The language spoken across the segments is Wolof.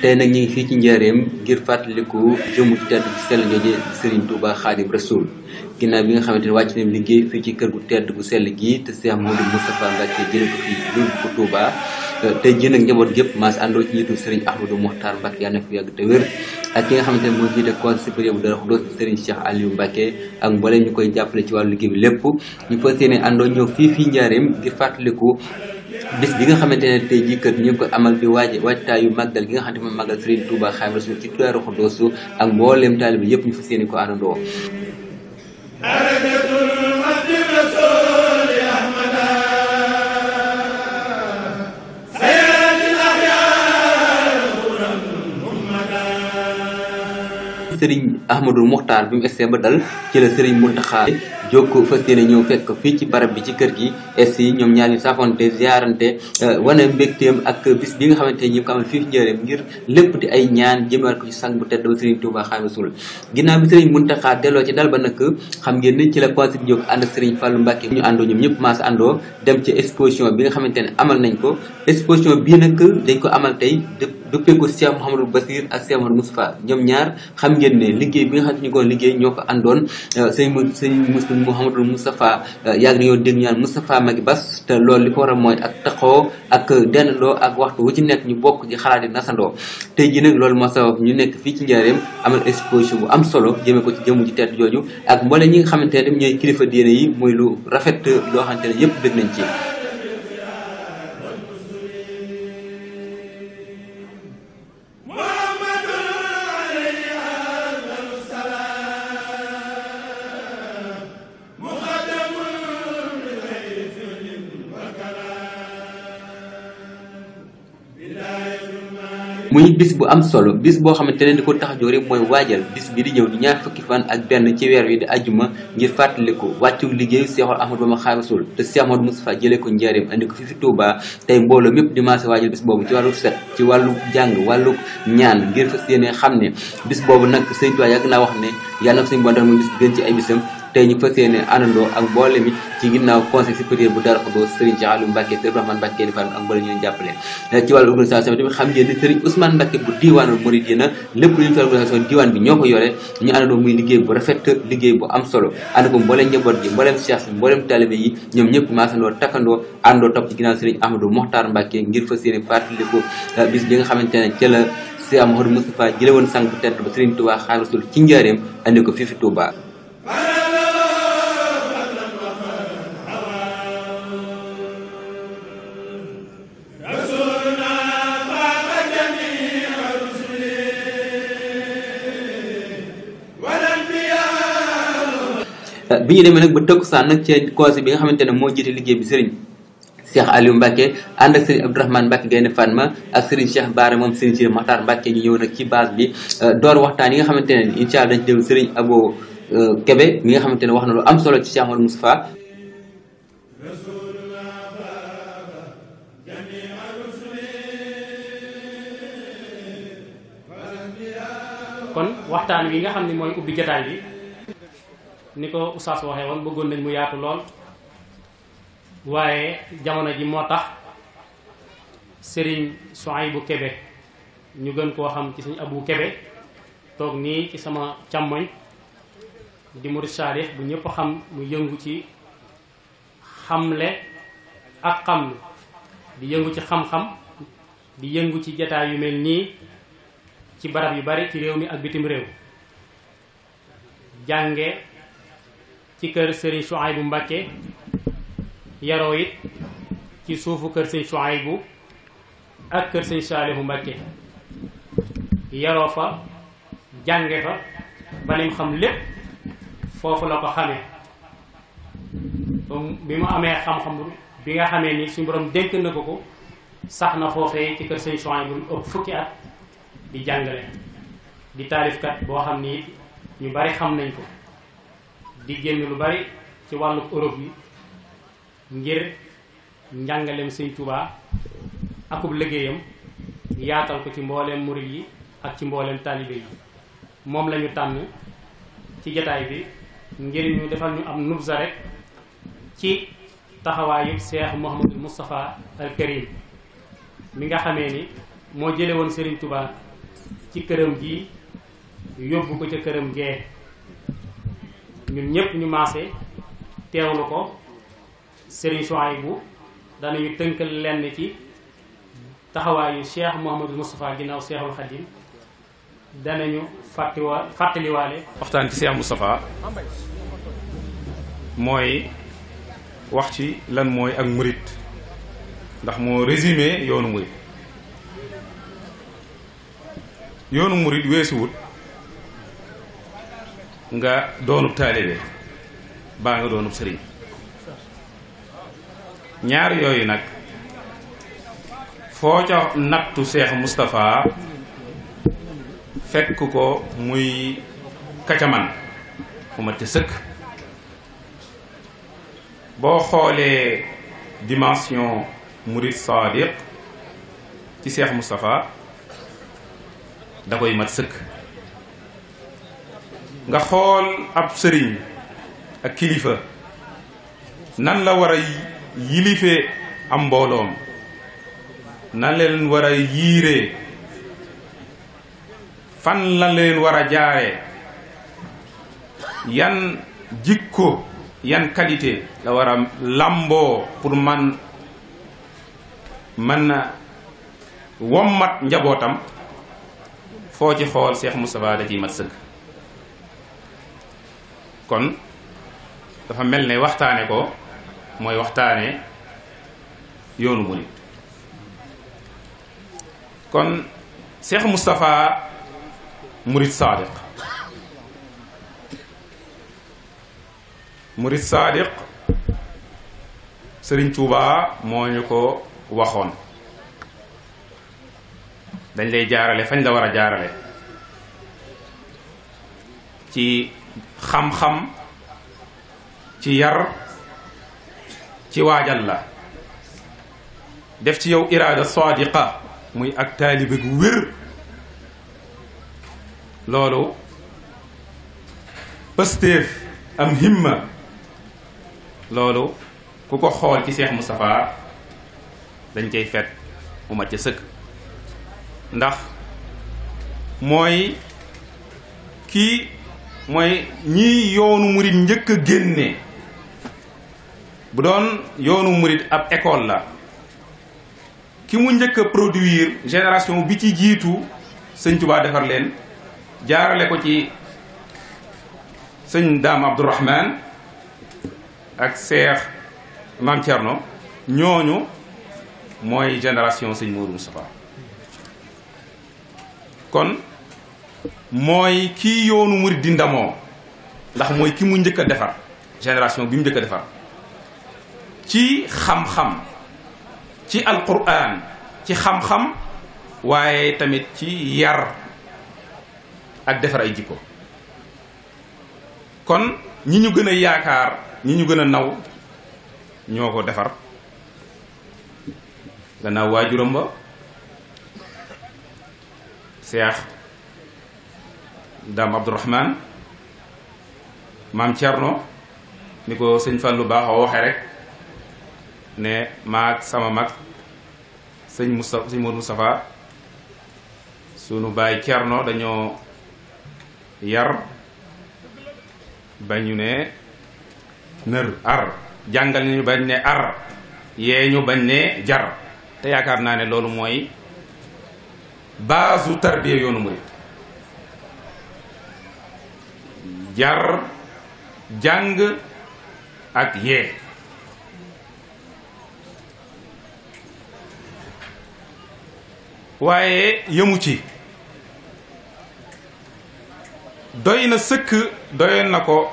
te nag ñu ngi fii ci njaareem ngir fàttaliku jëmu tedd bu sell nga ji Serigne Touba Khadim Rasoul ginnaaw bi nga xamante ne wàcc nañ liggéey fii ci kër gu te Cheikh Modou Moustapha Mbacke jële ko fii yóbbu ko Touba tey jii nag njaboot gépp maas àndoo ci njiitu Serigne Ahmadou Mokhtar Mbacke yàlla na yàgg te wér ak ki nga xamante ne moo jiite conseil supérieur bu Darou Khoudoss Serigne Cheikh Aliou Mbacke ak mbooleem ñu koy jàppale ci wàllu liggéey bi lépp ñu fas yéene àndoo ñëw fii fii njaareem ngir fàttaliku bis bi nga xamante ne te jii kër ñu ngi ko amal di waaje waajtaayu màggal gi nga xamante moom màggal Serigne Touba Xaadimu Rasuul ci Daaru Xudoos ak yëpp ñu fas yéene ko àndandoo sëriñ Ahmadou Mokhtar bi mu egsee ba dal ci la sëriñ Mountakha jokkoo fas yéene ñëw fekk fii ci barab bi ci kër gi es yi ñoom ñaar ñu safonte ziarante euh, wane mbégteem ak bis bi nga xamante ñi ko amal fii njëreem ngir lépp di ay ñaan jëmal ko ci sang bu tedd ba Sëriñ Tuuba Xaadimu Rasuul ginnaaw bi Sëriñ Muntaxa delloo ci dal ba nag xam ngeen ni ci la conseil jóg ànd Sëriñ Fàllu Mbàkke ñu àndoo ñoom ñëpp maas bi nga xamante ne amal nañ ko exposition bii nag dañ ko amal tey duppee ko Cheikh Mouhamadou Basir ak Cheikh Mouhamadou Moustapha ñoom ñaar xam ngeen ne liggéey bi nga xam ne ñu ko liggéey ñoo ko àndoon euh, sëñ sëñ Muslim Mouhamadou Moustapha euh, yàgg nañoo dégg ñaan Moustapha Maguette Bass te loolu li ko war a mooy ak taxoo ak dendandoo ak waxtu wu ci nekk ñu bokk ci xalaat yi nasandoo tey jii nag loolu moo sabab ñu nekk fii ci njaareem amal exposition bu am solo jëmee ko ci jëmu ji tedd jooju ak mboole ñi nga xamante ne ñooy kilifa diine yi muy lu rafet loo xamante ne yëpp dégg nañ ci muy bis bu am solo bis boo xamante ne di ko tax a jóg rek mooy waajal bis bi di ñëw di ñaar fukki fan ak benn ci weer wi di ajuma ngir fàttaliku wàccu liggéeyu Seexul Ahmadu Bamba Xaadimu Rasuul te Seex Ahmadu Mustafaa jëlee ko njaareem andi ko fi fi Tuubaa tey mbooloo mépp di maase waajal bis boobu ci wàllu set ci wàllu jàng wàllu ñaan ngir fas yéene xam ne bis boobu nag Sëñ Tuubaa yàgg naa wax ne yàlla na ko suñu bon muy bis bi gën ci ay bisam tey ñu fas yéene àndandoo ak mboolem mi ci ginnaaw conseil supérieur bu Darou Khoudoss Serigne Cheikh Aliou Mbacké Serigne Rahmane Mbacké ni fan ak mboolem ñu leen jàppale eh, ci wàllu organisation bi tamit xam ngeen ne Serigne Ousmane Mbacké bu diwaanul Mouridina lépp lu ñu fi organisation diwaan bi ñoo ko yore ñu àndandoo muy liggéey bu rafet liggéey bu am solo ànd ko mbooleem njaboot gi mbooleem cheikh bi mbooleem talibé yi ñoom ñëpp maasandoo takkandoo àndoo topp ci ginnaaw Serigne Ahmadou Mokhtar Mbacké ngir fas yéene fàttaliku eh, bis bi nga xamante ne ca la woon sang bu tedd ba Serigne Touba Xaadimu Rasuul ci bi ñu demee nag ba tëkkusaan nag ci conseil bi nga xamante ne moo jiite liggéey bi sëriñ Cheikh Aliou Mbacke ànd ak Serigne Abdourahmane Mbacke Gaynde Fatma ak Serigne Cheikh Baara moom Serigne Cheikh Makhtar Mbacke ñu ñëw nag ci base bi euh, door waxtaan yi nga xamante ne incha allah dañ ci déglu Serigne Abo euh, Kebe mi nga xamante ne wax na lu am solo ci Cheikh Amadou Moustapha xam ne mooy ubbi jotaay bi niko ko oustaz waxe won bëggoon nañ mu yaatu lol waye jamono ji motax serigne sëriñ kebe ñu gën ko xam ci serigne Abou kebe tok ni ci sama chamoy di mourid sharif bu ñepp xam mu yëngu ci xamle ak xam di yëngu ci xam-xam di yëngu ci jota yu mel ni ci barab yu bari ci rew mi ak bitim rew ci kër sëriñ bu mbakke yaroo it ci suufu kër sëriñ bu ak kër sëriñ bu Mbacké yaroo fa jànge fa ba xam lépp foofu la ko xamee donc bi mu amee xam-xam bi nga xamee ni suñu borom dénk na ko ko sax na foofee ci kër sëriñ Chouaïbou lu ëpp fukki at di jàngale di taalifkat boo xam ni ñu bari xam nañ ko di génn lu bari ci wàllu Europe yi ngir njàngaleem sëñ Touba akub liggéeyam yaatal ko ci mbooleem murit yi ak ci mbooleem taalibe yi moom lañu tànn ci jataay bi ngir ñu defal ñu am nubza rek ci taxawaayu Cheikh Mouhamadul Moustapha al Karim mi nga xamee ni moo jële woon Serigne Touba ci këram gi yóbbu ko ca këram gee ñun ñëpp ñu maase teewlu ko Serigne Souhaïbou danañu tënkal lenn ci taxawaayu Cheikh Mouhamadou Moustapha ginnaaw Cheikhul Khadim danañu fàttiwa fàttaliwaale. waxtaan ci Cheikh Moustapha mooy wax ci lan mooy ak murit ndax moo résumé yoonu murit yoonu murit weesuwut nga doonub taalibe baa nga doonub sëriñ ñaar yooyu nag foo ca nattu Cheikh Moustapha fekk ko muy kacaman fu ma te sëkk boo xoolee dimension murid sadiq ci Cheikh Moustapha da koy mat sëkk nga xool ab sëriñ ak kilifa nan la war a yilifee am mbooloom nan leen war a fan la leen war a jaaree yan jikko yan qualité la war làmboo pour man mën na wommat njabootam foo ci xool Cheikh Moustapha da ciy mat sëkk kon dafa mel ne waxtaane ko mooy waxtaane yoonu murit kon Cheikh Moustapha murit saadiq murit saadiq sëriñ Tuuba moo ñu ko waxoon dañ lay jaarale fañ la war a jaarale ci xam-xam ci yar ci waajal la def ci yow iraada sadiqa muy ak taalibe gu wér loolu pëstéef am himma loolu ku ko xool ci Seex Moustapha dañ cay fet mu mat ca sëkk ndax mooy kii mooy ñi yoonu murit njëkk a bu doon yoonu murit ab école la ki mu njëkk a produire génération bi ci jiitu sëñ Tuubaa defar leen jaarale ko ci sëñ Daam Abdourahman ak Seex Maam Cerno ñooñu mooy génération sëñ Moodu Mustafaa kon mooy kii yoonu mu di ndamoo ndax mooy ki mu njëkk a defar génération bi mu njëkk a defar ci xam-xam ci alquran ci xam-xam waaye tamit ci yar ak defar ay jikko kon ñi ñu gën a yaakaar ñi ñu gën a naw ñoo ko defar gannaaw waajuram ba seex daam abdourahman maam Thierno ni ko sëñ Fallou baaxoo waxee rek ne maag sama mag sëñ Moustapha sëñ Modou Moustapha sunu dañoo yar bañu ne nër ar jàngal ñu bañ ne ar yee ñu bañ ne jar te yaakaar naa ne loolu mooy baasu tarbiya yoonu murid jar jàng ak yee waaye yëmu ci doy na sëkk doyoon na ko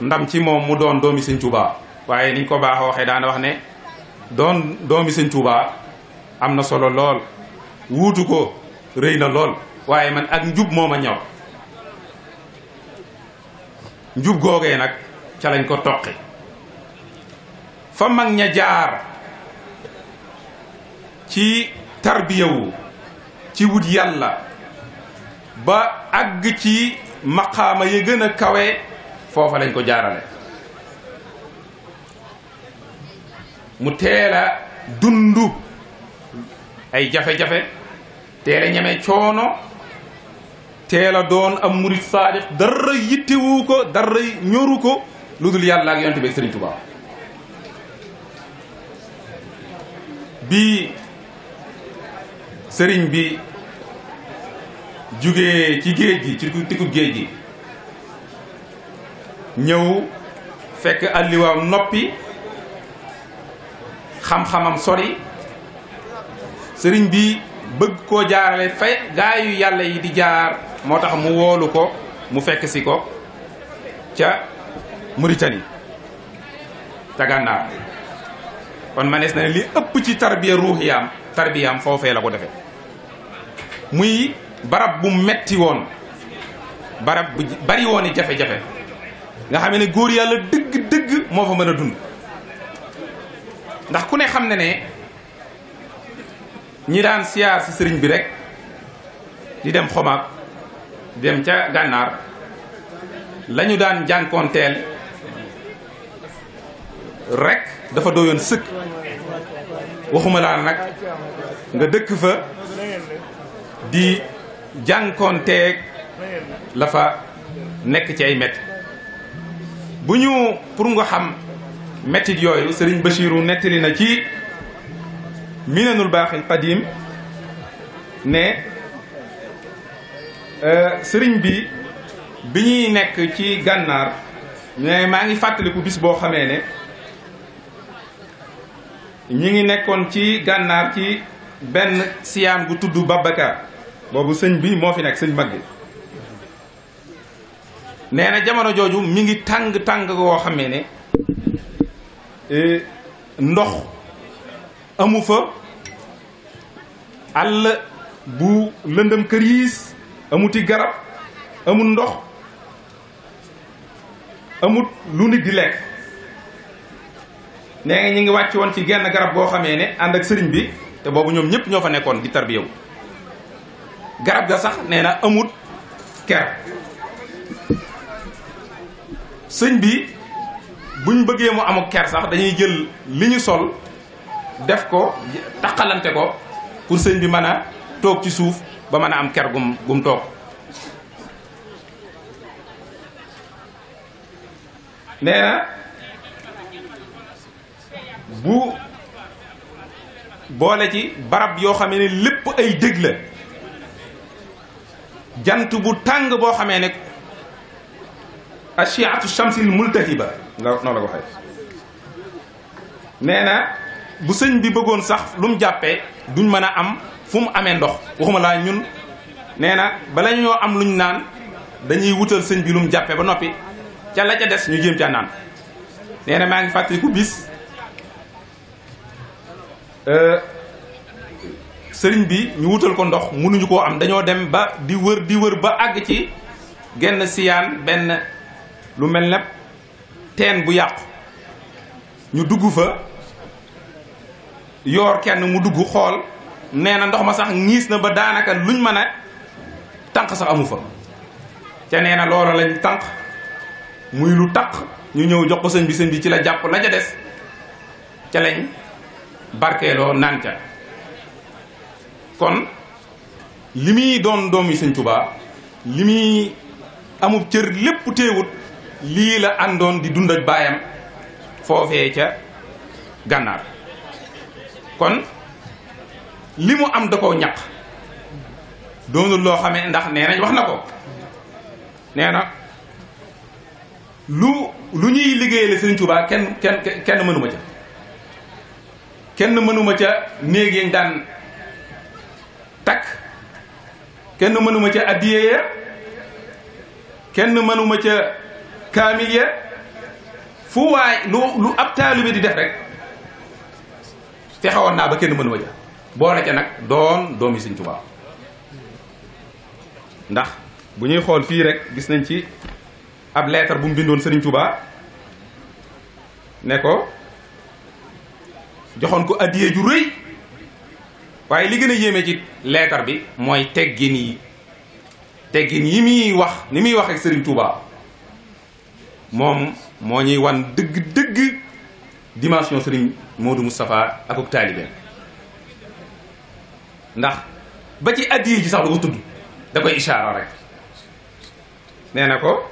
ndam ci moom mu doon doomi sëñ Tuubaa waaye niñ ko baaxoo waxee daana wax ne doon doomi sëñ Tuubaa am na solo lool wuutu ko rëy na lool waaye man ak njub moo ma ñor njub googee nag ca lañ ko toqi fa mag ña jaar ci tarbiyawu ci wut yàlla ba àgg ci maqaama yi gën a kawe foofa lañ ko jaarale mu teel a dund ay jafe-jafe teel ñeme coono teel a doon am murit saadix dara yittewu ko dara ñoru ko lu dul yàlla ak yonent bi Sëriñ Tuubaa bi sëriñ bi jugee ci géej gi ci tikub géej gi ñëw fekk alliwaam noppi xam-xamam sori sëriñ bi bëgg koo jaarale fa gaa yàlla yi di jaar moo tax mu woolu ko mu fekk si ko ca Mauritanie ca gànnaar kon manees na ni li ëpp ci tarbiya ruuxiyaam tarbiyaam foofee la ko defee muy barab bu metti woon barab bu bari woon i jafe-jafe nga xam ne góor yàlla dëgg dëgg moo fa mën a dund ndax ku ne xam ne ne ñi daan siyaar si sëriñ bi rek di dem xomaag dem ca gànnaar lañu daan jànkoonteel rekk dafa doyoon sëkk waxuma laa nag nga dëkk fa di jànkoonteeg la fa nekk ci ay metti bu ñu pour nga xam mettit yooyu sëriñ Bachiru nettali na ci minanul baaxil qadim ne euh, sëriñ bi bi ñuy nekk ci gànnaar ne maa ngi fàttaliku bis boo xamee ne ñi ngi nekkoon ci gànnaar ci benn siyaam gu tudd Babacar boobu sëñ bi moo fi nekk sëñ mag bi nee na jamono jooju mu ngi tàng tàng woo xamee ne euh, ndox amu fa àll bu lëndëm këriis amuti garab amul ndox amut lu nit di lekk nee nga ñu ngi wàcc woon ci genn garab goo xamee ne ànd ak sëriñ bi te boobu ñoom ñëpp ñoo fa nekkoon di tarbiyewu garab ga sax nee na amut ker sëñ bi bu ñu bëggee mu amuk ker sax dañuy jël li ñu sol def ko taqalante ko pour sëñ bi mën a toog ci suuf ba mën a am ker gum gum toog nee na bu boole ci barab yoo xamee ne lépp ay dég la jant bu tàng boo xamee ne ashiatu shamsil multahiba nga noonu la ko nee na bu sëñ bi bëggoon sax lu mu jàppee duñ mën a am fu amee ndox waxuma laa ñun nee na bala ñoo am luñ naan dañuy wutal sëñ bi lu mu jàppee ba noppi ca la ca des ñu jéem ca naan nee maa ngi fàttaliku bis euh, sëriñ bi ñu wutal ko ndox mënuñu koo am dañoo dem ba di wër di wër ba àgg ci genn siyaan benn lu mel ne teen bu yàqu ñu dugg fa yoor kenn mu dugg xool nee na ndox ma sax ñiis na ba daanaka luñ mën a tanq sax amu fa ca nee na loola lañ tànq muy lu taq ñu ñëw jox ko sëñ bi sëñ bi ci la jàpp la ja des ca lañ barkeeloo naan ca kon li muy doon doom yi sëñ Tuubaa li muy amub cër lépp téewut lii la àndoon di dund ak baayam foofe ca gànnaar kon li mu am da ñaq ñàq loo xamee ndax nee nañ wax na ko nee na lu lu ñuy liggéeyale Sëriñ Tuubaa kenn kenn kenn mënuma ca kenn mënuma ca néeg daan takk kenn mënuma ca addiye ya kenn mënuma ca kaamil ya fu waay lu lu ab taalibe di def rek fexe woon naa ba kenn mënu ma ja boole nag doon doomi Sëñ Tuubaa ndax bu ñuy xool fii rekk gis nañ ci ab leetar bu mu bindoon Sëriñ Tuubaa ne ko joxoon ko addiyee ju rëy waaye li gën a yéeme ci leetar bi mooy teggin yi teggin yi muy wax ni muy wax ak Sëriñ Tuubaa moom moo ñuy wan dëgg dëgg dimension sëriñ Modou Moustapha ak ak taalibe ndax ba ci addiye ji sax du ko tudd da koy ishaara rek nee na ko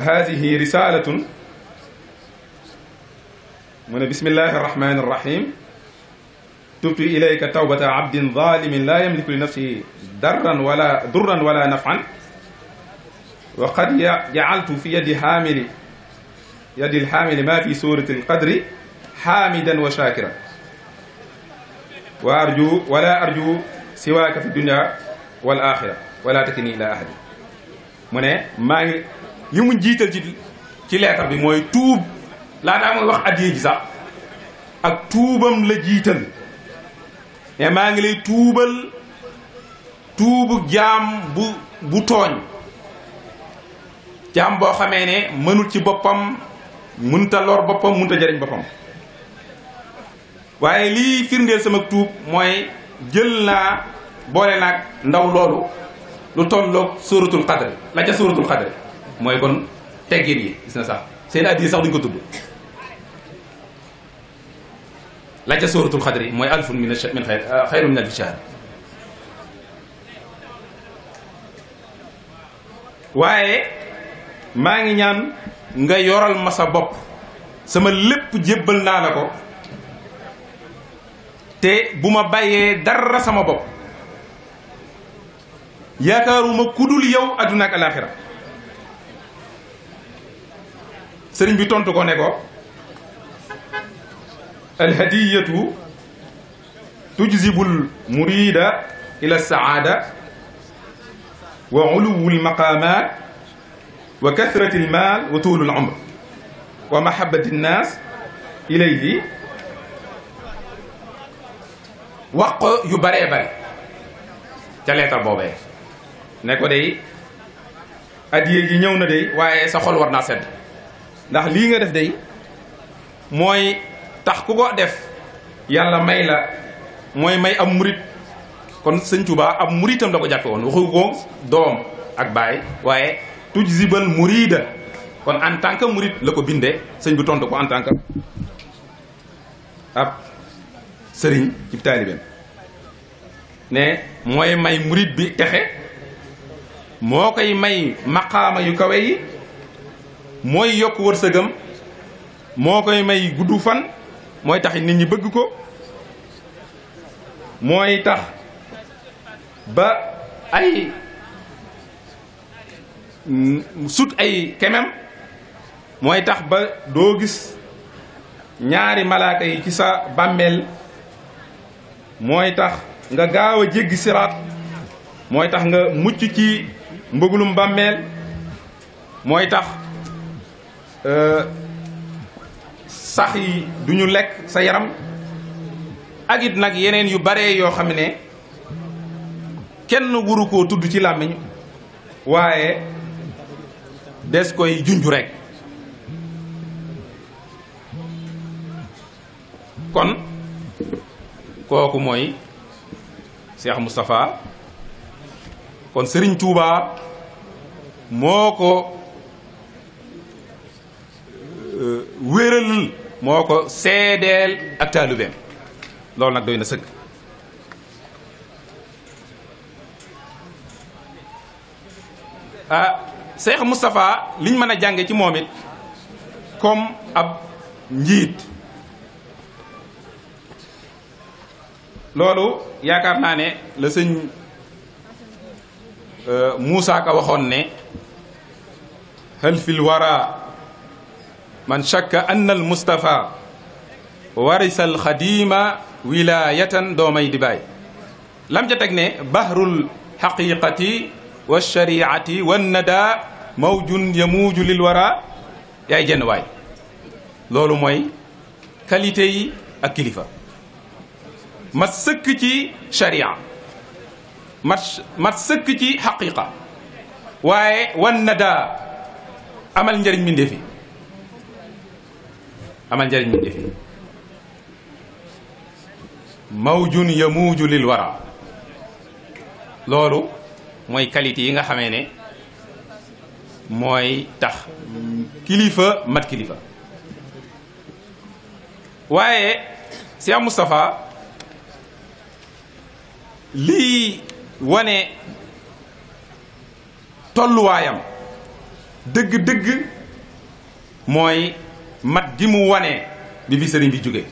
hadihi risalatun mu ne bismillahi arrahmani arrahim tubtu ilayka tawbata abdin zalimin la yamliku li nafsihi darran wala durran wala nafan wa qad jaaltu fi yadi hamili يد الحامل ما في سورة القدر حامدا وشاكرا وأرجو ولا أرجو سواك في الدنيا والآخرة ولا تكني إلى أحد من ما يوم جيت الجد كلا تبي موي توب لا دام الله أديج زا أكتوبم لجيتن يا مانغلي توبل توب جام بوتون جام بو خامي ني مانول بوبام munta lor boppam mun munta jariñ boppam waaye lii firndeel sama tuub mooy jël naa boole naag ndaw loolu lu tolloog sóoratul xadre la ca sóoratul xadre mooy kon teggin yi gis na sax seen addi sax duñ ko tudd la ca sóoratul xadre mooy alfun min min ah, xayru min alfi shahr waaye maa ngi ñaan nga yoral ma sa bopp sama lépp jébbal naa la ko te bu ma bàyyee dara sama bopp yaakaaruma kudul yow adduna ak alaaxira sëriñ bi tontu ko ne ko alhadiyatu tujzibul murida ila saada wa uluwul maqaamaat وكثرة المال وطول العمر ومحبة الناس إليه wax ko yu baree bare ca leetar boobee ne ko day addiye ji ñëw na day waaye sa xol war naa sedd ndax lii nga def day mooy tax ku ko def yàlla may la mooy may ab murit kon sëñ Tuubaa ab muritam la ko jàppe woon waxu ko doom ak baay waaye tujzibal murida kon en tant que murid la ko bindee sëñ bi tontu ko en ab sëriñ ci taalibeem ne mooy may murid bi texe moo koy may maqaama yu kawe yi mooy yokk wërsëgam moo koy may gudd fan mooy tax nit ñi bëgg ko mooy tax ba ay sut ay kemem mooy tax ba doo gis ñaari malaaka yi ci sa bàmmeel mooy tax nga gaaw a jéggi siraat mooy tax nga mucc ci mbëgulum bàmmeel mooy tax euh, sax yi du lekk sa yaram agit nag yeneen yu bare yoo xam ne kenn wuru koo tudd ci làmmiñ waaye des koy junj rek kon kooku mooy Cheikh Moustapha kon Serigne Touba moo ko euh, wéral moo ko seedeel ak taalibeem loolu nag doy na sëgg ah Cheikh Moustapha liñ mën a jànge ci moom it comme ab njiit loolu yaakaar naa ne la sëñ Moussa ka waxoon ne hal fil wara man shakka anna al Moustapha warisa al xadima wilayatan doomay di baay lam ca teg ne bahrul xaqiqati والشريعه والندى موج يموج للوراء يا جن واي لولو موي كاليتي اك ما سك تي شريعه ما سك تي حقيقه واي والندى عمل نجرن من دفي عمل نجرن من دفي موج يموج للوراء لولو mooy qualité yi nga xamee ne mooy tax kilifa mat kilifa waaye Cheikh Moustapha lii wane tolluwaayam dëgg-dëgg mooy mat gi mu wane bi fi sëriñ bi jóge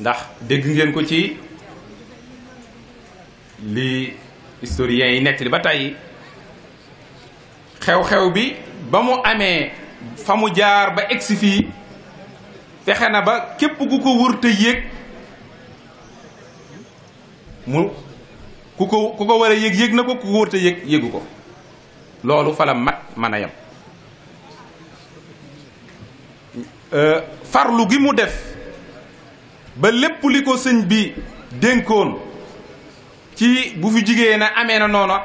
ndax dégg ngeen ko ci li historiens yi nettali ba tey xew-xew bi ba mu amee fa mu jaar ba egsi fii fexe na ba képp ku ko wër yéeg mu ku ko ku ko war a yéeg yéeg na ko ku ko wër yéeg yéegu ko loolu fa la mat mën a yem euh, farlu gi mu def ba lépp li ko sëñ bi dénkoon ci bu fi jigéen na amee na noona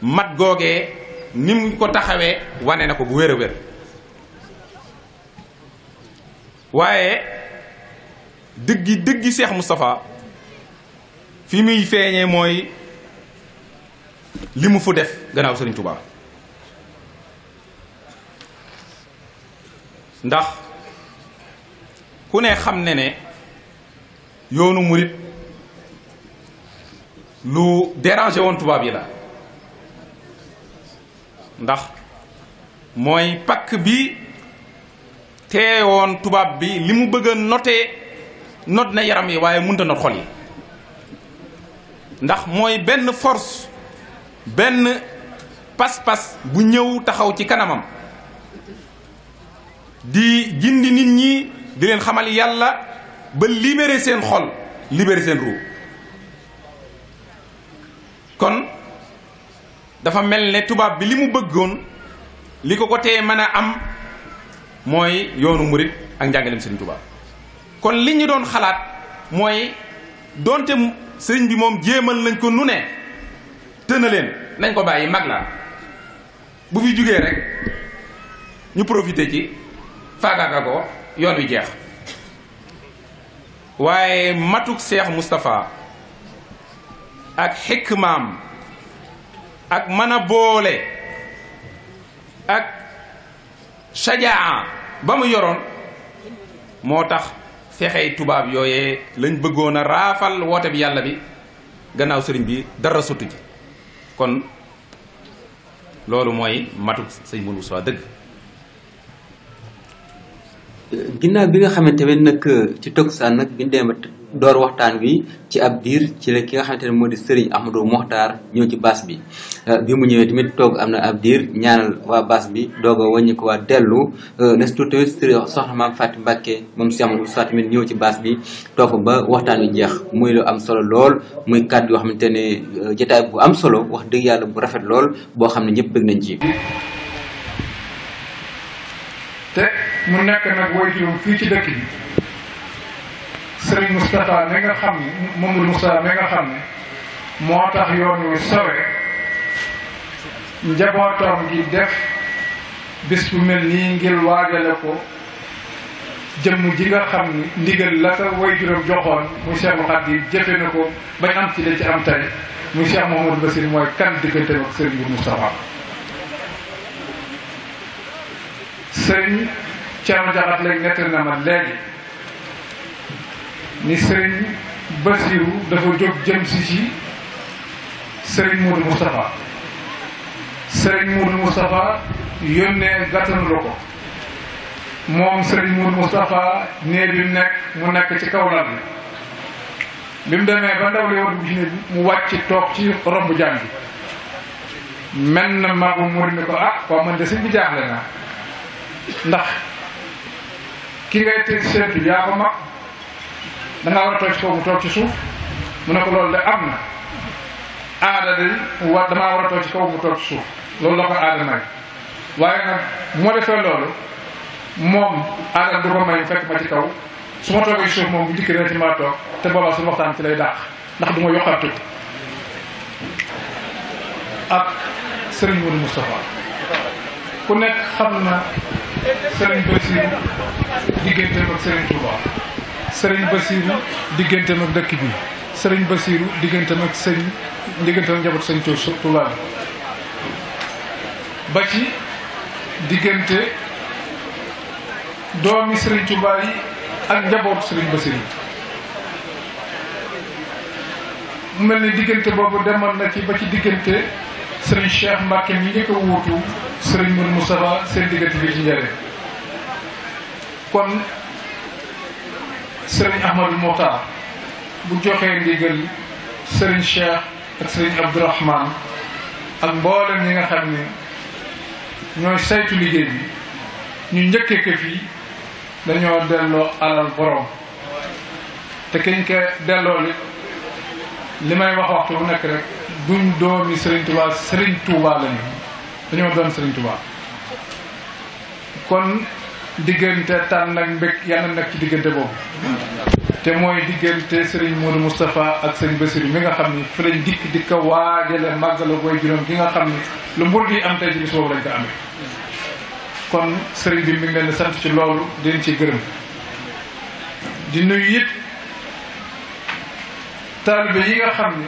mat googee ni mu ko taxawee wane na ko bu wér a wér waaye dëggi dëggi Seex Moustapha fi muy feeñee mooy li mu fu def gannaaw Sëriñ Tuubaa ndax ku ne xam ne ne yoonu murit lu dérangé woon tubaab yi la ndax mooy pakk bi teewoon tubaab bi li mu bëgg a not na yaram yi waaye mënta not xol yi ndax mooy benn force benn pas-pas bu ñëw taxaw ci kanamam di jindi nit ñi di leen xamal yàlla ba libérer seen xol libérer seen ruu kon dafa mel ni tubaab bi li mu bëggoon li ko ko tee mën a am mooy yoonu murit ak njàngaleem sëriñ tubaab kon li ñu doon xalaat mooy donte sëriñ bi moom jéemal nañ ko nu ne tëna leen nañ ko bàyyi mag la bu fi jugee rek ñu profité ci faagaaka ko yoon wi jeex waaye matuk seex Moustapha ak xikmaam ak mana boole ak sajaa ba mu yoroon moo tax fexey tubaab yooye lañ bëggoon a raafal woote bi yàlla bi gannaaw sëriñ bi dara sotti ji kon loolu mooy matu sëñ Mourou Moussa dëgg. ginnaaw bi nga xamante ne nag ci togsaan nag bi ñu demee door waxtaan wi ci ab diir ci la ki nga xamante ne moo di Serigne Ahmadou Mokhtar ñëw ci baas bi euh, bi mu ñëwee tamit toog am na ab diir ñaanal waa baas bi doog a wàññi ko waa dellu euh, nes tuuti tamit Serigne soxna maam Fatou Mbacké ñëw ci baas bi toog ba waxtaan wi jeex muy lu am solo lool muy kàddu yoo xamante ne euh, jotaay bu am solo wax dëgg yàlla bu rafet lool boo xam ne ñëpp bëgg nañ ci te mu nekk nag woytu fii ci dëkk sëriñ Moustapha mi nga xam ne Mamadou Moustapha mi nga xam ne moo tax yoon wi sowe njabootoom gi def bis bu mel nii ngir waajale ko jëmm ji nga xam ni ndigal la ko way juróom joxoon muy mu Khadim jëfe na ko bañ am ci la ci am tey muy Cheikh Mouhamadou Bassir mooy sëriñ bu Moustapha sëriñ Thierno Diakhaté léegi ni sëriñ Basiru dafa jóg jëm si ci sëriñ Modou Moustapha sëriñ Modou Moustapha yónnee gàttanu ko moom sëriñ Modou Moustapha néeg bi mu nekk mu nekk ci kaw lal bi mu demee ba ndaw li war dugg ci mu wàcc toog ci romb jàng bi mel na magu Modou ni ko ah waaw man de sëñ bi jaaxle naa ndax ki ngay teg seet yaa ko mag dangaa war a toog ci kaw mu toog ci suuf mu ne ko loolu de am na aada de wa damaa war a toog ci kaw mu toog ci suuf loolu la ko aada may waaye nag moo defee loolu moom aada du ko may fekk ma ci kaw su ma toogee ci suuf moom bu njëkk dina ci maa toog te boobaa suñu waxtaan ci lay dàq ndax du ma yokkatu ak Serigne Modou Moustapha ku nekk xam na Serigne Bassirou diggante ak Serigne Touba. sëriñ Basiiru diggante ak dëkk bi sëriñ Basiiru diggante ak sëñ diggante ak njaboot sëñ Tuubaa bi ba ci diggante doomi sëriñ Tuubaa yi ak njaboot sëriñ Basiiru mu mel ni diggante boobu demoon na ci ba ci diggante sëriñ Cheikh mbakke mi njëkk wuutu sëriñ Mourou Moustapha seen diggante bi ci njëriñ kon sëriñ Ahmadou Moukhtar bu joxee ndigal sëriñ Cheikh ak sëriñ Abdourahman ak mboolem yi nga xam ni ñooy saytu liggéey bi ñu njëkkee ko yi dañoo delloo alal borom te kiñ ko delloo li li may wax waxtu bu nekk rek duñ doomi sëriñ Touba sëriñ Touba lañu dañoo doon sëriñ Touba kon diggante tànn ak mbég yàlla nag ci diggante boobu te mooy diggante sëriñ Modou Moustapha ak sëriñ Bassirou mi nga xam ni fi lañ dikk di ko waajale màggalu booy juróom gi nga xam ni lu mbur gi am tey ci boobu lañ ko amee kon sëriñ bi mi ngi leen sant ci loolu di leen ci gërëm di nuyu it taalibe yi nga xam ni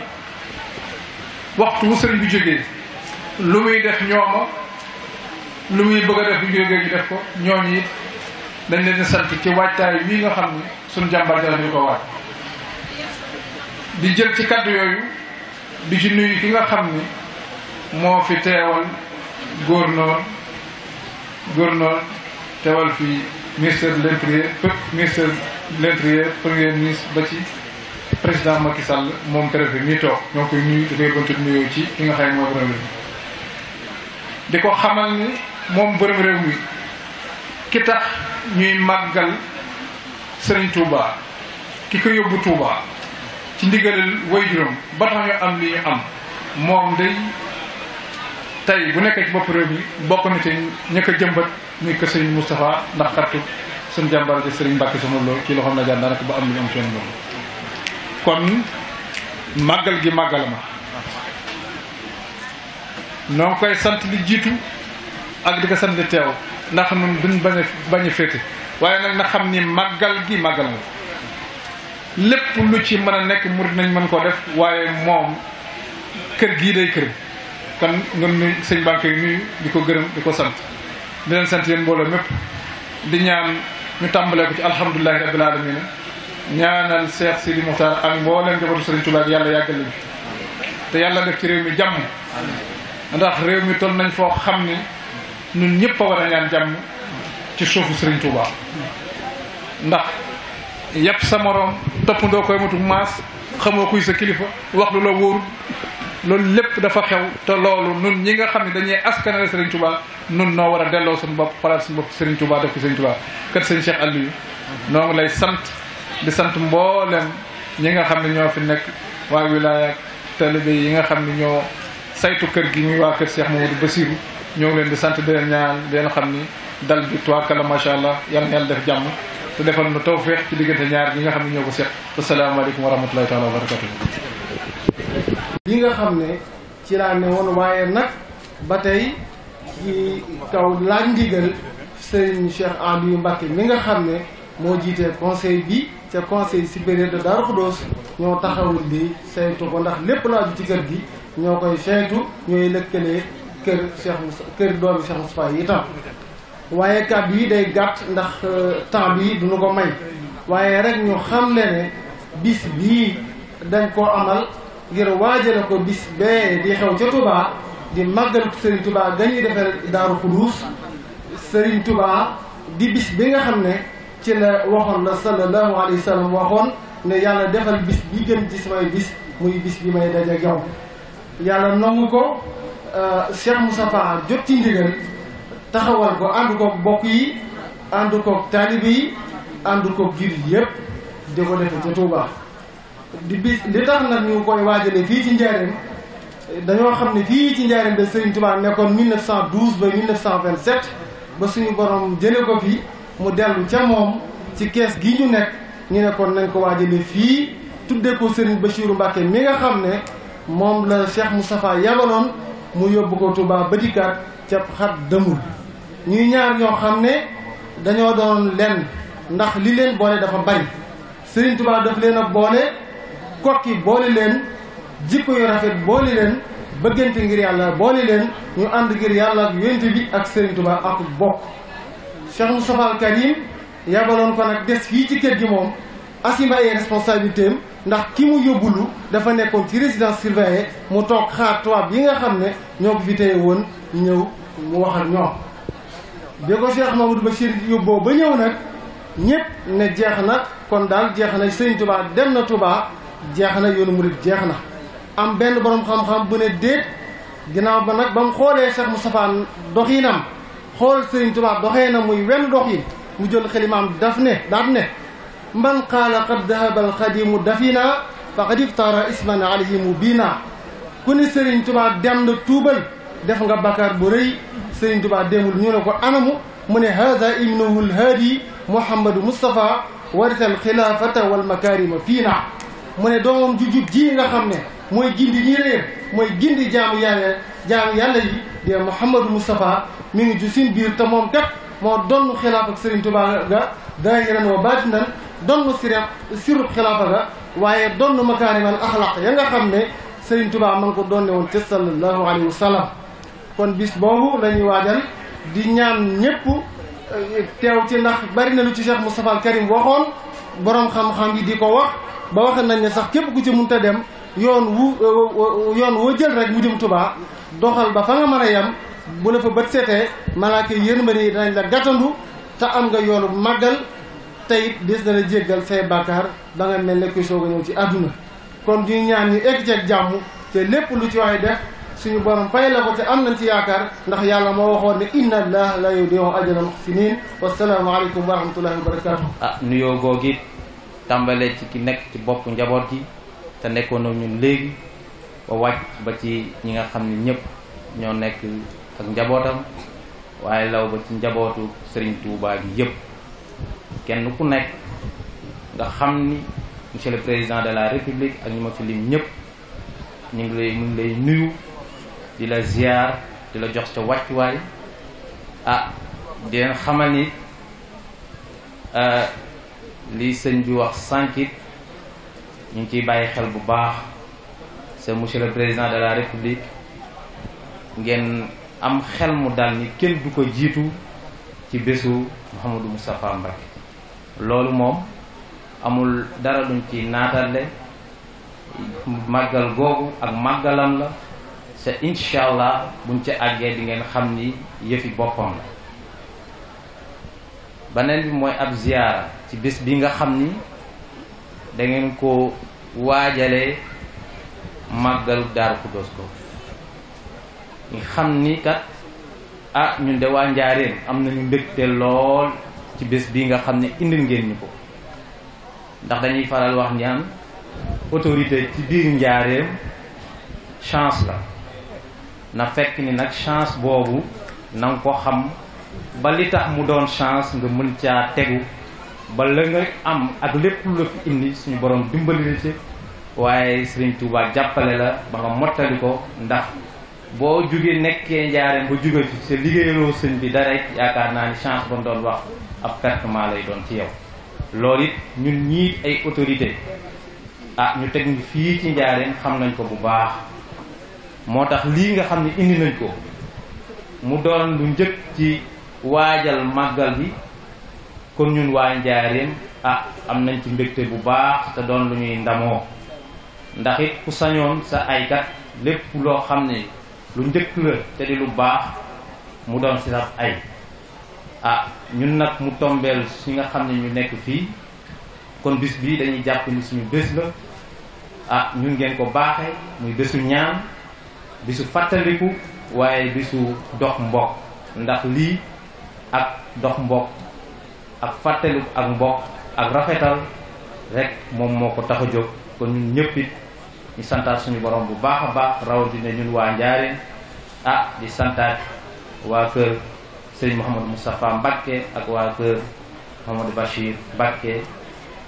waxtu wu sëriñ bi jógee lu muy def ñooma lu muy bëgg a def bu jógee ñu def ko ñooñu it dañ leen sant ci waajtaay bii nga xam ne suñ jàmbar dara ñu ko waaj di jël ci kàddu yooyu di ci nuyu ki nga xam ni moo fi teewal gouverneur gouverneur teewal fi ministère de l'intérieur ministère de l'intérieur premier ministre ba ci président Macky Sall moom préfet mii toog ñoo koy nuyu dafay bëntu nuyoo ci ki nga xam ne moo gën di ko xamal ni moom borom réew mi ki tax ñuy màggal sëriñ Touba ki ko yóbbu Touba ci ndigalal waajuram ba tax ñu am li am moom day tey bu nekkee ci bopp réew mi bokk na te ña ko jëmbat muy ko sëriñ Moustapha ndax xartu suñ jàmbar ji sëriñ Mbàkke sama loolu kii loo xam ne jaar daanaka ba am li am seen loolu kon màggal gi màggal ma noo koy sant li jiitu ak di ko sant teew ndax nun duñ bañ bañ féete waaye nag na xam ni màggal gi màggal na lépp lu ci mën a nekk murid nañ man ko def waaye moom kër gii day kër kon ngan nu sëñ banque yi di ko gërëm di ko sant di leen sant yéen mbooloo mépp di ñaan ñu tàmbalee ko ci alhamdulilahi rabbil alamin ñaanal Seex Sidi Muxtaar ak mbooleem njabootu Sëriñ Tuubaa yàlla yàggal lañu te yàlla def ci réew mi jàmm ndax réew mi toll nañ foo xam ni ñun ñëpp a war a ñaan jàmm ci suufu Sëriñ Tuuba ndax yàpp sa morom toppandoo koy matu maas xamoo kuy sa kilifa wax lu la wóorul loolu lépp dafa xew te loolu nun ñi nga xam ne dañuy askanale Sëriñ Tuuba nun noo war a delloo suñu bopp xalaat suñu bopp Sëriñ tubaa def ko Sëriñ Tuuba kat sëñ Cheikh Aliou noo ngi lay sant di sant mboolem ñi nga xam ne ñoo fi nekk waa wilaaya ak talibé yi nga xam ne ñoo saytu kër gi muy waa kër Cheikh Mamadou Bassirou ñoo leen di sant di leen ñaan di leen xam ni dal bi tuwaakala macha allah yal na yàlla def jàmm te defal nu ci diggante ñaar ñi nga xam ne ñoo ko seq asalaamaaleykum wa rahmatulahi taala wa barakatuhu li nga xam ne ci laa waaye nag ba tey ci kaw laaj ndigal sëriñ Cheikh Aliou Mbacke mi nga xam ne moo jiite conseil bi ca conseil supérieur de Darou Khoudoss ñoo taxawul di saytu ko ndax lépp laaju ci kër gi ñoo koy saytu ñooy lëkkalee kër Cheikh Moussa doomi Cheikh Moustapha yi itam waaye kàddu yi day gàtt ndax euh, temps bi duñu ko may waaye rek ñu xam le ne bis bii dañ koo amal ngir waajale ko bis bee di xew ca Touba di màggal Serigne Touba gañuy defee Daaru Xuduus Serigne Touba di bis bi nga xam ne ci la waxoon la sallallahu alayhi wa sallam waxoon ne yàlla defal bis bi gën ci samay bis muy bis bi may daje ak yàlla nangu ko Euh, Cheikh Moustapha jot ci ndigal taxawal ko ànd koog mbokk yi ànd koog taalibe yi ànd koog jullit yépp di ko defe ca Touba di bis li tax nag ñu koy waajale fii ci Njaareem dañoo xam ne fii ci Njaareem de Serigne Touba nekkoon 1912 ba 1927 ba suñu borom jële ko fi mu dellu ca moom ci kees gi ñu nekk ñu nekkoon nañ ko waajale fii tudde ko ba Bachirou Mbacke mi nga xam ne moom la Cheikh Moustapha yabaloon mu yóbbu ko Touba ba dikkaat ca xat dëmul ñuy ñaar ñoo xam ne dañoo doon lenn ndax li leen boole dafa bari Serigne Touba daf leen a boole kokki boole leen jikko yu rafet boole leen bëggante ngir yàlla boole leen ñu ànd ngir yàlla ak yonent bi ak Serigne Touba ak bokk Cheikh Moustapha Al Karim yabaloon ko nag des fii ci kër gi moom assumé ay responsabilités am ndax ki mu yóbbulu dafa nekkoon ci résidence surveillée mu toog xaar tubaab yi nga xam ne ñoo ko fi téye woon ñëw mu wax ak ñoom bi ko Cheikh ma Bachir yóbboo ba ñëw nag ñépp ne jeex na kon daal jeex na Sëriñ Tuubaa dem na Tuubaa jeex na yoonu murid jeex na am benn boroom xam-xam bu ne déet ginnaaw ba nag ba mu xoolee Cheikh Moustapha doxinam xool Sëriñ Tuubaa doxee na muy wenn doxin mu jël xelimaam daf ne daat ne من قال قد ذهب الخديم دفينا فقد افترى اسما عليه مبينا كوني سيرين توبا دامد توبل داف nga بكار بوري سيرين توبا ديمول ني نكو انامو من هذا ابنه الهادي محمد مصطفى ورث الخلافة والمكارم فينا من دوم جوجو جي nga xamne moy gindi ni reer moy gindi jaamu yalla jaamu yalla yi de محمد مصطفى mi ngi ju sin bir ta mom tek mo donu khilafa ak serigne donn sirab sirub xilaafa ga waaye donn makaarimal axlaq ya nga xam ne Sëriñ ma man ko donne woon ca sallallahu alayhi wa sallam kon bis boobu la ñuy waajal di ñaan ñépp eh, teew ci ndax bari na lu ci Cheikh Moustapha al Karim waxoon borom xam-xam yi di ko wax ba wax nañ ne sax képp ku ci mënta dem yoon wu eh, yoon woo jël rek mu jëm Tuubaa doxal ba fa nga mën a yem bu la fa bët seetee malaaka yërmande yi danañ la gàttandu te am nga yoonu màggal tey des na la jéggal say bàkkaar da mel ne kuy soog a ñëw ci àdduna kon ñuy ñaan ñu egg ceeg jàmm te lépp lu ci waay def suñu borom fay la ko te am nañ ci yaakaar ndax yàlla moo waxoon ne inna allah la yudiu ajral muhsinin wasalaamu aleykum wa rahmatullahi wa barakatu ah nuyoo googi tàmbalee ci ki nekk ci bopp njaboot gi te nekkoon ak ñun léegi ba wàcc ba ci ñi nga xam ne ñëpp ñoo nekk ak njabootam waaye law ba ci njabootu Serigne Touba gi yëpp kenn ku nekk nga xam ni monsieur le président de la république ak ñu ma fi lim ñëpp ñu ngi lay ñu ngi lay nuyu di la ziar di la jox sa wàccuwaay ah di leen ni euh, li sëñ bi wax sànkit ñu ngi ciy bàyyi xel bu baax c'est monsieur le président de la république ngeen am xel mu dal ni kenn du ko jiitu ci bésu Mouhamadou Moustapha Mbacké loolu moom amul dara luñ ci naatalle màggal googu ak màggalam la te incha allah buñ ci àggee di ngeen xam ni yëfi boppam la beneen bi mooy ab ziyaara ci bés bi nga xam ni dangeen ko waajale màggalu Daaru Xudoos ko nga xam ni kat ah ñun de waa Njaaréem am nañu mbégte lool ci bés bii nga xam ne indil ngeen ñu ko ndax dañuy faral wax ñaan autorité ci biir njaareem chance la na fekk ni nag chance boobu na nga ko xam ba li tax mu doon chance nga mën caa tegu ba la nga am ak lépp lu la fi indi suñu borom dimbali la ci waaye Sëriñ Tuubaa jàppale la ba nga mottali ko ndax boo jugee nekkee njaareem ba jugee fi sa liggéeyaloo sëñ bi dara yaakaar naa ni chance ba doon wax ab pertement lay doon ci yow loolu it ñun ñii ay autorité ah ñu teg ñu fii ci njaareen xam nañ ko bu baax moo tax lii nga xam ne indi nañ ko mu doon lu njëkk ci waajal màggal bi kon ñun waa njaareem a ah, am nañ ci mbégte bu baax te doon lu ñuy ndamoo ndax it ku sañoon sa aykat lépp loo xam ne lu njëkk la te di lu baax mu doon si sab ay ah ñun nag mu tombeel si nga xam ne ñu nekk fii kon bis bii dañuy jàpp ni suñu bés la ah ñun ngeen ko baaxe muy bésu ñaan bisu fàttaliku waaye bisu dox mbokk ndax lii ak dox mbokk ak fàttaliku ak mbokk ak rafetal rek moom moo ko tax a jóg kon ñun ñëpp ñu santaat suñu borom bu baax a baax rawatina ñun waa Njaareen ah di santaat waa kër sëriñ Mouhamadou Moustapha Mbacke ak waa kër Mouhamadou Bachir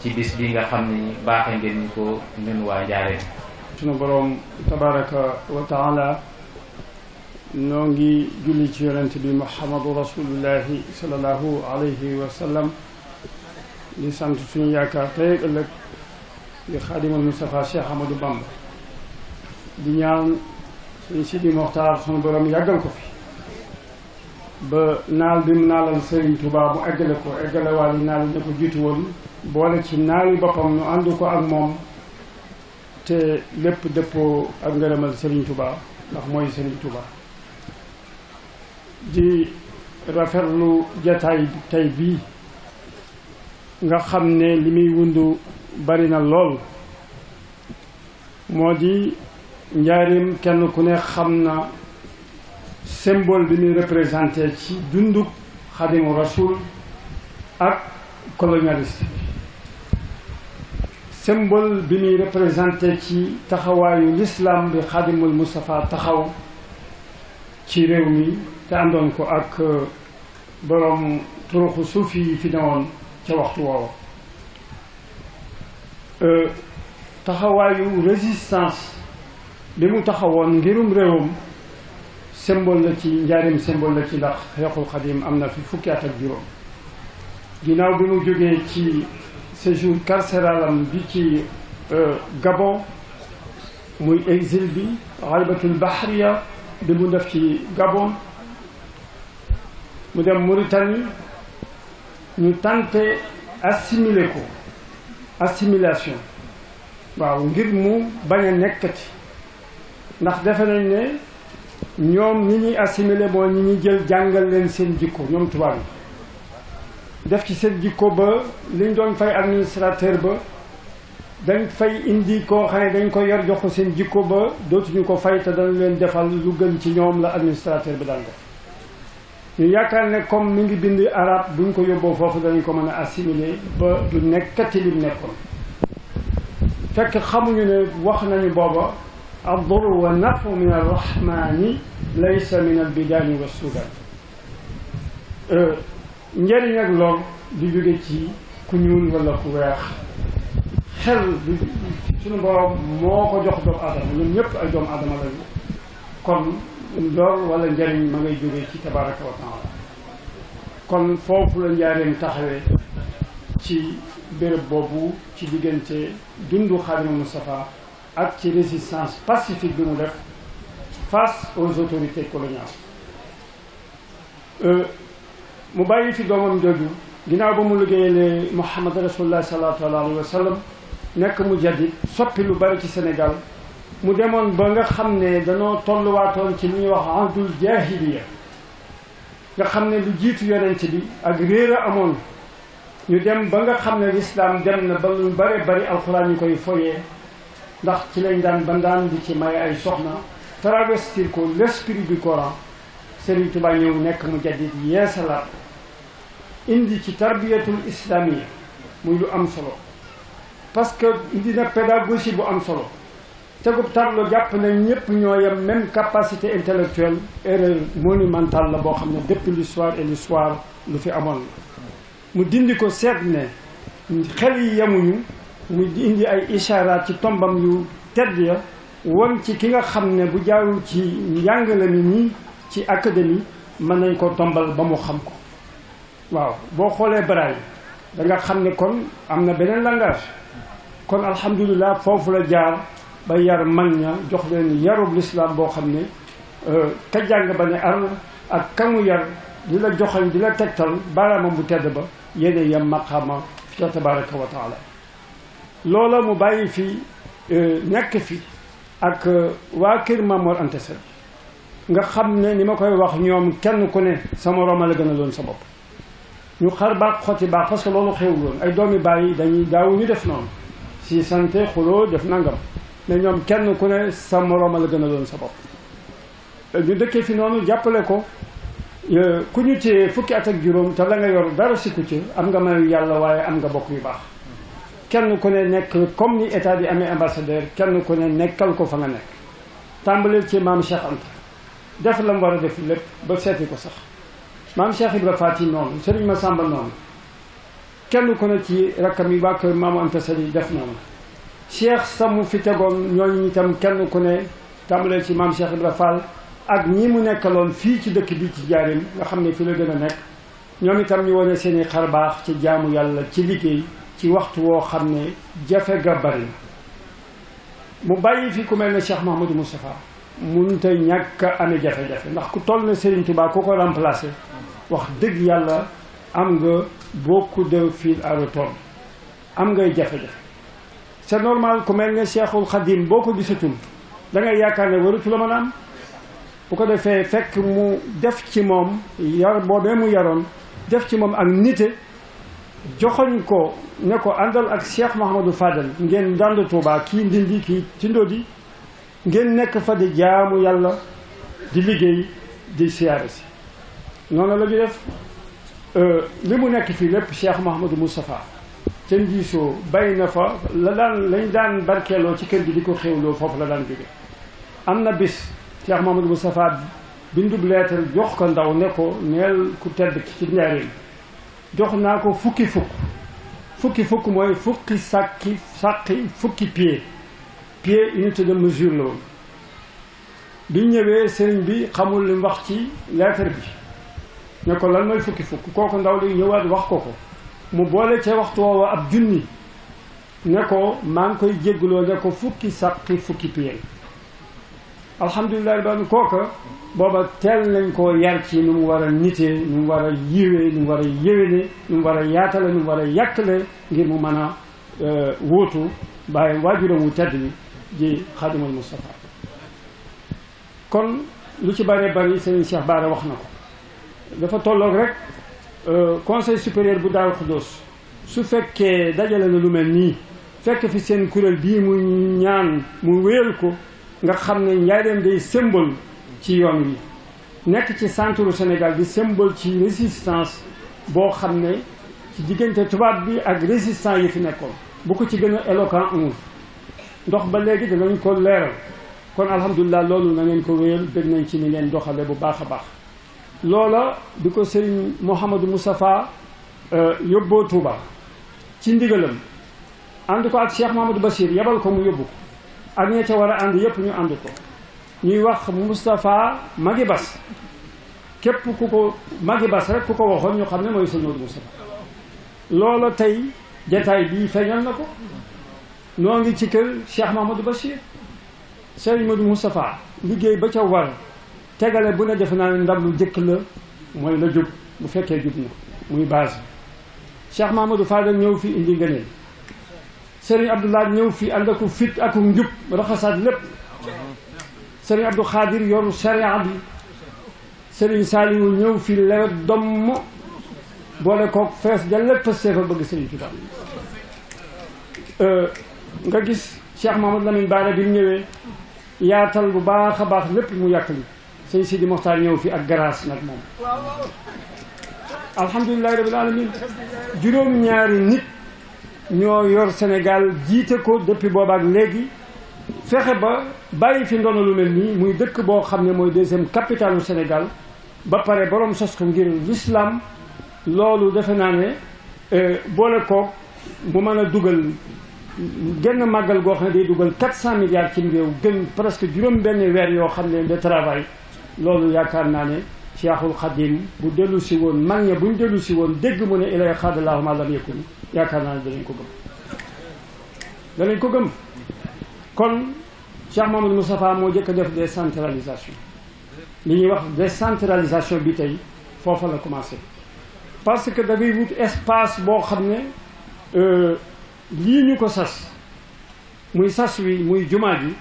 ci bis bi nga xam ni baaxee ngeen ñu ko ñun waa Njaareem. sunu borom ngi julli ci yonent bi Muhammadu rasulullahi sallallahu alayhi wa sallam di sant suñu yaakaar tey ëllëg di xaadimal Bamba di ñaan Sidi Moxtaar sunu borom yàggal ko fi. ba naal bi mu naalal Serigne Touba mu eggale ko eggale yi naal yi ko jiitu woon boole ci naali boppam ñu ànd ko ak moom te lépp dëppoo ak ngërëmal Serigne Touba ndax mooy Serigne Touba di rafetlu jataay tey bii nga xam ne li muy wundu bari na lool moo di njaarim kenn ku ne xam na symbole bi muy représenté ci dundug xadimu rasul ak colonialiste symbole bi muy représenté ci taxawaayu l'islam bi xadimul Moustapha taxaw ci réew mi te àndoon ko ak euh, boroom turuxu suufi yi fi newoon ca waxtu woowa euh, taxawaayu résistance bi mu taxawoon ngirum réewam سيمبول لا تي نجارم سيمبول لا تي لاخ يقول قديم امنا في فكيات الجروم غيناو بيمو جوغي تي سيجور كارسيرالام بي تي غابون موي اكزيل بي غالبة البحريه بيمو داف تي غابون مودام موريتاني ni tante assimiler ko assimilation waaw ngir mu bañ a nekkati ndax ñoom ni ñuy assimilé mooy ñi ñuy jël jàngal leen seen jikko ñoom tubaab yi def ci seen jikko ba liñ doon fay administrateur ba dañ fay indi koo xam ne dañ ko yor jox ko seen jikko ba dootuñu ko fay te dañ leen defal lu gën ci ñoom la administrateur bi daan def ñu yaakaar ne comme mi ngi bind arab buñ ko yóbboo foofu dañ ko mën a assimilé ba du nekkati lim nekkoon fekk xamuñu ne wax nañu booba الضر والنفع من الرحمن ليس من البدان والسودان njëriñ ak lor du jóge ci ku ñuul wala ku weex xel du suñu borom moo ko jox doomu aadama ñun ñëpp ay doomu aadama lañu kon lor wala njëriñ ma ngay jóge ci tabaraka wa taala kon foofu la njaareem taxawee ci béréb boobu ci diggante dundu Xaadimu Mustafaa ak ci résistance pacifique bi mu def face aux autorités coloniales euh, mu bàyyi fi doomam jooju ginnaaw ba mu liggéeyalee Muhammad rasulullah sallallahu alayhi wa sallam nekk mu jaddi soppi lu bari ci Sénégal mu demoon ba nga xam ne danoo tolluwaatoon ci li ñuy wax antul jaahiliya nga xam ne lu jiitu yonent bi ak réer a amoon ñu dem ba nga xam ne lislaam dem na ba lu bare bari alxuraan ñu koy foyee ndax ci lañ daan bandaan di ci may ay soxna travestir ko l'esprit du Coran Serigne Touba nekk mu jaddit yeesalaat indi ci tarbiyatul islamiyya muy lu am solo parce que indi na pédagogie bu am solo tegub tableau jàpp na ñëpp ñoo yem même capacité intellectuelle erreur monumentale la boo xam ne depuis l'histoire et l'histoire lu fi amoon la mu dindi ko seet ne xel yi yemuñu mu indi ay ishaaraat ci tombam yu tedd ya won ci ki nga xam ne bu jaarul ci njàngale mi nii ci académie mën nañ ko tombal ba mu xam ko waaw boo xoolee Braille danga xam ne kon am na beneen langage kon alhamdulilah foofu la jaar ba yar mag ña jox leen yarub lislaam boo xam ne euh, ka jàng ba ne ar ak ka mu yar di la joxañ di la tegtal baaraamam bu tedd ba yéene yam maqaama ya tabaraka wa taala loola mu bàyyi fi euh, nekk fi ak euh, waa kër Mamor anteset nga xam ne ni ma koy wax ñoom kenn ku ne sa moroom la gën a loon sa bopp ñu xar baax xoti baax parce que loolu xew loon ay doomi bàyyi dañuy daawu ñu def noonu si santé xuloo def nangam mais ñoom kenn ku ne sa moroom la gën a loon sa bopp ñu dëkkee fi noonu jàppale ko euh, ku ñu téye fukki at ak juróom te la nga yor dara sikku ci am nga mayu yàlla waaye am nga bokk yu baax kenn ko ne nekk comme ni état bi amee ambassadeur kenn ko ne nekkal ko fa nga nekk tàmbaleel ci maam Cheikh Anta def la mu war a def lépp ba seeti ko sax maam Cheikh Ibra Faati noonu Sëriñ Masamba noonu kenn ku ne ci rakkam yi waa kër maamu Anta def noonu Cheikh samu fi tegoon ñooñu itam kenn ku ne tàmbaleel ci maam Cheikh Ibra Fall ak ñii mu nekkaloon fii ci dëkk bii ci jaarim nga xam ne fi la gën a nekk ñoom itam ñu wane seen i xar baax ci jaamu yàlla ci liggéey ci waxtu woo xam ne jafe ga bari mu bàyyi fi ku mel ne Cheikh Mouhamadou Moustapha te ñàkk amee jafe-jafe ndax ku toll ne Serigne Touba ku ko remplacé wax dëgg yàlla am nga beaucoup de fii à retordre am ngay jafe-jafe c'est normal ku mel ne Cheikhul Khadim boo ko gisatul da ngay yaakaar ne waratu la bu ko defee fekk mu def ci moom yar boobee mu yaroon def ci moom ak nite joxoñ ko ne ko àndal ak Cheikh Mahamadou Fadal ngeen dànd Tuubaa kii ndindi kii tindóodi ngeen nekk fa di jaamu yàlla di liggéey di siyaare si noonu la ñu def euh, li mu nekk fii lépp Cheikh Mahamadou Moustapha ca Ndiisoo bay na fa la daan lañ daan barkeeloo ci kër gi di ko xéwloo foofu la daan jóge am na bis Cheikh Mahamadou Moustapha bindub leetar jox ko ndaw ne ko neel ku tedd ci njaareem jox naa ko fukki fukk fukki fukk mooy fukki sàkki sàkki fukki pied pied unité de mesure la woon bi ñëwee sëriñ bi xamul li wax ci lettre bi ne ko lan mooy fukki fukk kooku ndaw li ñëwaat wax ko ko mu boole ca waxtu woowa ab junni ne ko maa ngi koy jéggaloo ne ko fukki sàkki fukki pied alhamdulilahi ba kooka booba teel nañ koo yar ci nu mu war a nitee nu mu war a yiwee nu mu war a yéwéne nu mu war a yaatale nu mu war a yàttale ngir mu mën a euh, wuutu bàyyam waajuram wu tedd bi di xaadimal Mustafa kon lu ci bëree bëri Serigne Cheikh Bara wax na ko dafa tolloog rek euh, conseil supérieur bu Daaru Xuddoos su fekkee dajale na lu mel nii fekk fi seen kuréel bii mu ñaan mu wéel ko nga xam ne njaareem day symbole ci yoon wi nekk ci centre Sénégal di symbole ci résistance boo xam ne ci diggante tubaab bi ak résistants yi fi nekkoon bu ko ci gën a éloquent amul ndox ba léegi danañ ko leeral kon alhamdulilah loolu na ngeen ko wéyal dégg nañ ci ni ngeen doxale bu baax a baax loola di ko sëriñ Mouhamadou Moustapha euh, yóbboo Touba ci ndigalam ànd ko ak Cheikh Mouhamadou Bachir yebal ko mu yóbbu ko ak ña ca war a ànd yépp ñu ànd ko ñuy wax Moustapha Magi Bas képp ku ko Magi rek ku ko waxoon ñu xam ne mooy sëñ Maodo Moustapha loola tey jataay bii feeñal na ko noo ngi ci kër Cheikh Mahamadou Bachir sëñ Maodo Moustapha liggéey ba ca war tegale bu ne defe naa ne ndam lu jëkk la mooy la jub bu fekkee jub na muy base bi Cheikh Mahamadou Fadel ñëw fi indi ngëneel سيري عبد الله نيو في عندك فيت اكو نجب رخص هذا لب سيري عبد الخادر يور سيري عبد سيري سالي نيو في لب دم بولي كوك فاس جل لب السيفة بغي سيري كتاب نغا جيس شيخ محمد لمن بارا بن نيو ياتل بباخ باخ لب مو يقل سيري سيدي مختار نيو في اقراس نتمن الحمد لله رب العالمين جروم نياري نيو ñoo yor Sénégal jiite ko depuis boobaak léegi fexe ba bàyyi fi ndono lu mel nii muy dëkk boo xam ne mooy deuxième capitalu Sénégal ba pare borom sos ko ngir l'islam loolu defe naa ne euh, boole koog mu mën a dugal genn màggal goo xam ne day dugal 400 milliards ci réew gën presque juróom benn weer yoo xam ne de travail loolu yaakaar naa ne Cheikhul Khadim bu dellu si woon mag bu ñu dellu si woon dégg mu ne ilay xaadalaahu ma lam yakun yaakaar naa ne ko gëm danañ ko gëm kon Cheikh Mamadou Moustapha moo jëkk a def décentralisation li ñuy wax décentralisation bi tey foofa la commencé parce que dafay wut espace boo xam ne euh, lii ñu ko sas muy sas wi muy jumaa ji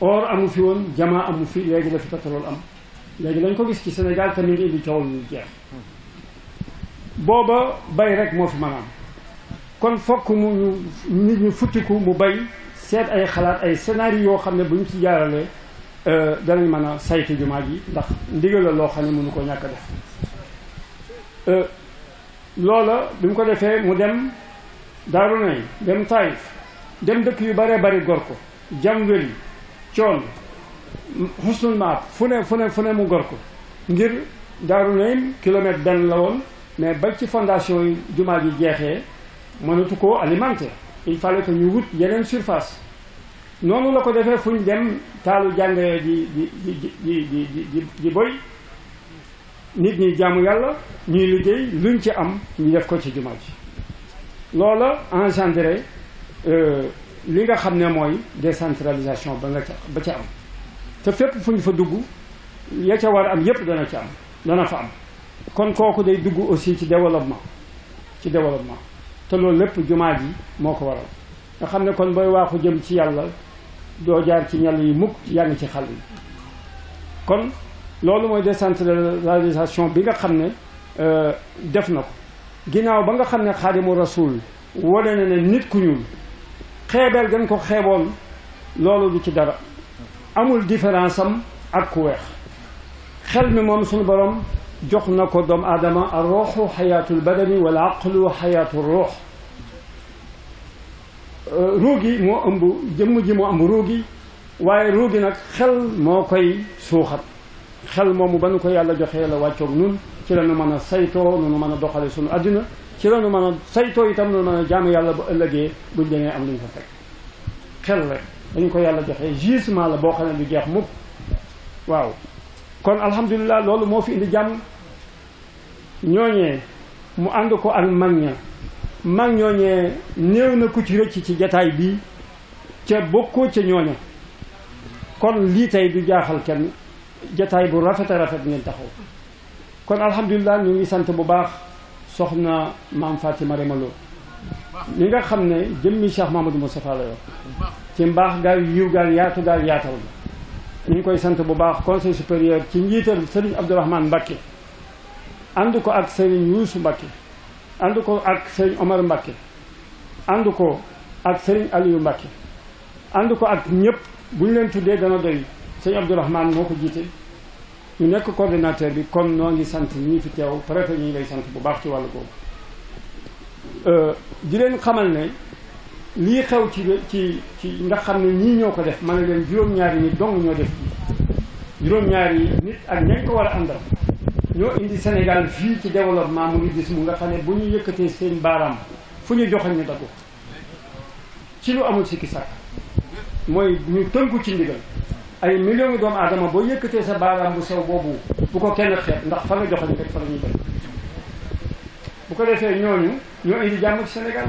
or amu fi woon jamaa amu fi léegi la fi pétrole am léegi dañ ko gis ci Sénégal te mi ngi indi coow yu jeex booba bay rek moo fi maanaam kon fokk mu nit ñu futtiku mu bay seet ay xalaat ay scénario yoo xam ne bu ñu ci jaarale euh, danañ mën a saytu jumaa ji ndax ndigal la loo xam ne munu ko ñàkk def euh, loola bi mu ko defee mu dem Daaru Nay dem Taïf dem dëkk yu bare bari gor ko jam yi coon xusnul maab fu ne fu ne fu ne ngir mais fondation il fallait que ñu wut yeneen surface nous la ko defee ni dem taalu jàngee di di di di di di boy nit ñi luñ ci am ñu def engendré li décentralisation te fépp fu ñu fa dugg ya ca war am yépp dana ca am dana fa am kon kooku day dugg aussi ci développement ci développement te loolu lépp jumaa ji moo ko waral nga xam ne kon booy waaxu jëm ci yàlla doo jaar ci ñal yi mukk yaa ci xal yi kon loolu mooy décentralisation bi nga xam ne euh, def na ko ginnaaw ba nga xam ne xaadimu rasul wane na ne nit ku ñuul xeebeel gën ko xeeboon loolu du ci dara amul différence am ak ku wex xel mi moom suñu borom jox nako dom adama ar-ruhu hayatul badani wal aqlu hayatul ruh ruugi mo ëmb jëm ji mo ëmb ruugi waye ruugi nak xel mo koy suxat xel momu ba ko yàlla joxe la waccu nun ci lañu mëna sayto a nu mëna doxale suñu aduna ci lañu mëna sayto itam nu mëna jamm yàlla bu ëllëgé buñ demee am luñu fa fek xel rek dañ ko yàlla joxe gisement la boo xam ne du jeex mukk waaw kon alhamdulilah loolu moo fi indi jàmm ñooñee mu ànd ko ak mag ña mag ñooñee néew na ku ci rëcc ci jataay bii ca bokkoo ca ñooña kon lii tey du jaaxal kenn jataay bu rafet rafet ngeen taxaw kon alhamdulilah ñu ngi sant bu baax soxna maam Fatima Remalo mi nga xam ne jëmmi Cheikh Mamadou Moustapha la yor ci mbaax gaaw yiw gaal yaatu gaal yaatal ñu ngi koy sant bu baax conseil supérieur ci njiital sëriñ Abdourahmane Mbacké ànd ko ak sëriñ Youssou Mbacké ànd ko ak sëriñ Omar Mbacké ànd ko ak sëriñ Aliou Mbacké ànd ko ak ñëpp bu ñu leen tuddee dana doy sëriñ Abdourahmane moo ko jiite ñu nekk coordinateur bi kon noo ngi sant ñu ñi fi teew préfet ñu ngi lay sant bu baax ci wàllu googu euh, di leen xamal ne lii xew ci ci ci nga xam ne ñii ñoo ko def ma ne leen juróom-ñaari nit dong ñoo def juróom-ñaari nit ak ñañ ko war a àndal ñoo indi Sénégal fii ci développement mu ngi gis mu nga xam ne bu ñu yëkkatee seen baaraam fu ñu joxoñ ñu daggu ci lu amul sikki sàkk mooy ñu tënku ci ndigal ay millions doomu aadama boo yëkkatee sa baaraam bu sew boobu bu ko kenn xeet ndax fa nga joxoñ rek fa la ñuy def bu ko defee ñooñu ñoo indi jàmm Sénégal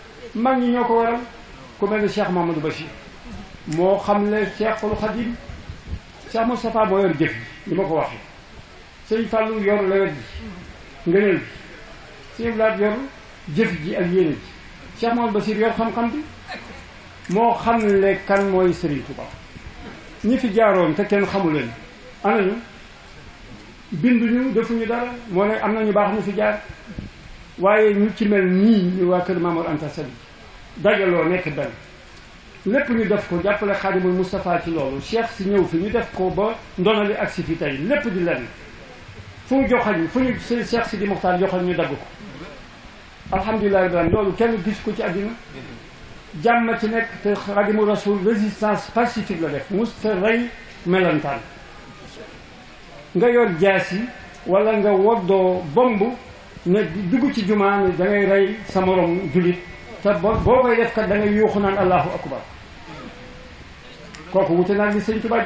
mag ñi ñoo ko waral ku mel ni Cheikh Mamadou Bachir moo xam ne Cheikhul Khadim Cheikh Moustapha moo yor jëf yi ni ma ko waxee sëñ Fallou yor lewet ji ngëneel bi sëñ Blaat yor jëf ji ak yéene ji Cheikh Mamadou Bachir yor xam-xam bi moo xam ne kan mooy Serigne Touba ñi fi jaaroon te kenn xamu leen anañu binduñu defuñu dara moo ne am na ñu baax ñu fi jaar waaye ñu ci mel nii ñu waa kër Mamour Anta Sali dajaloo nekk benn lépp ñu def ko jàppale Xaadimul Moustapha ci loolu Cheikh si ñëw fi ñu def ko ba ndono li agsi fi tey lépp di lenn fu mu joxañ fu ñu seen Cheikh si di Muxtaar joxañ ñu dagg ko alhamdulilah ibrahim loolu kenn gis ko ci àddina jàmm ci nekk te Xaadimu Rasul résistance pacifique la def musta rey melantaan nga yor jaas yi wala nga woddoo bomb ne dugg ci jumaa ni da ngay rey sa morom jullit te boo koy def kat da yuuxu naan allahu akbar kooku wute nag li sëñ Tuba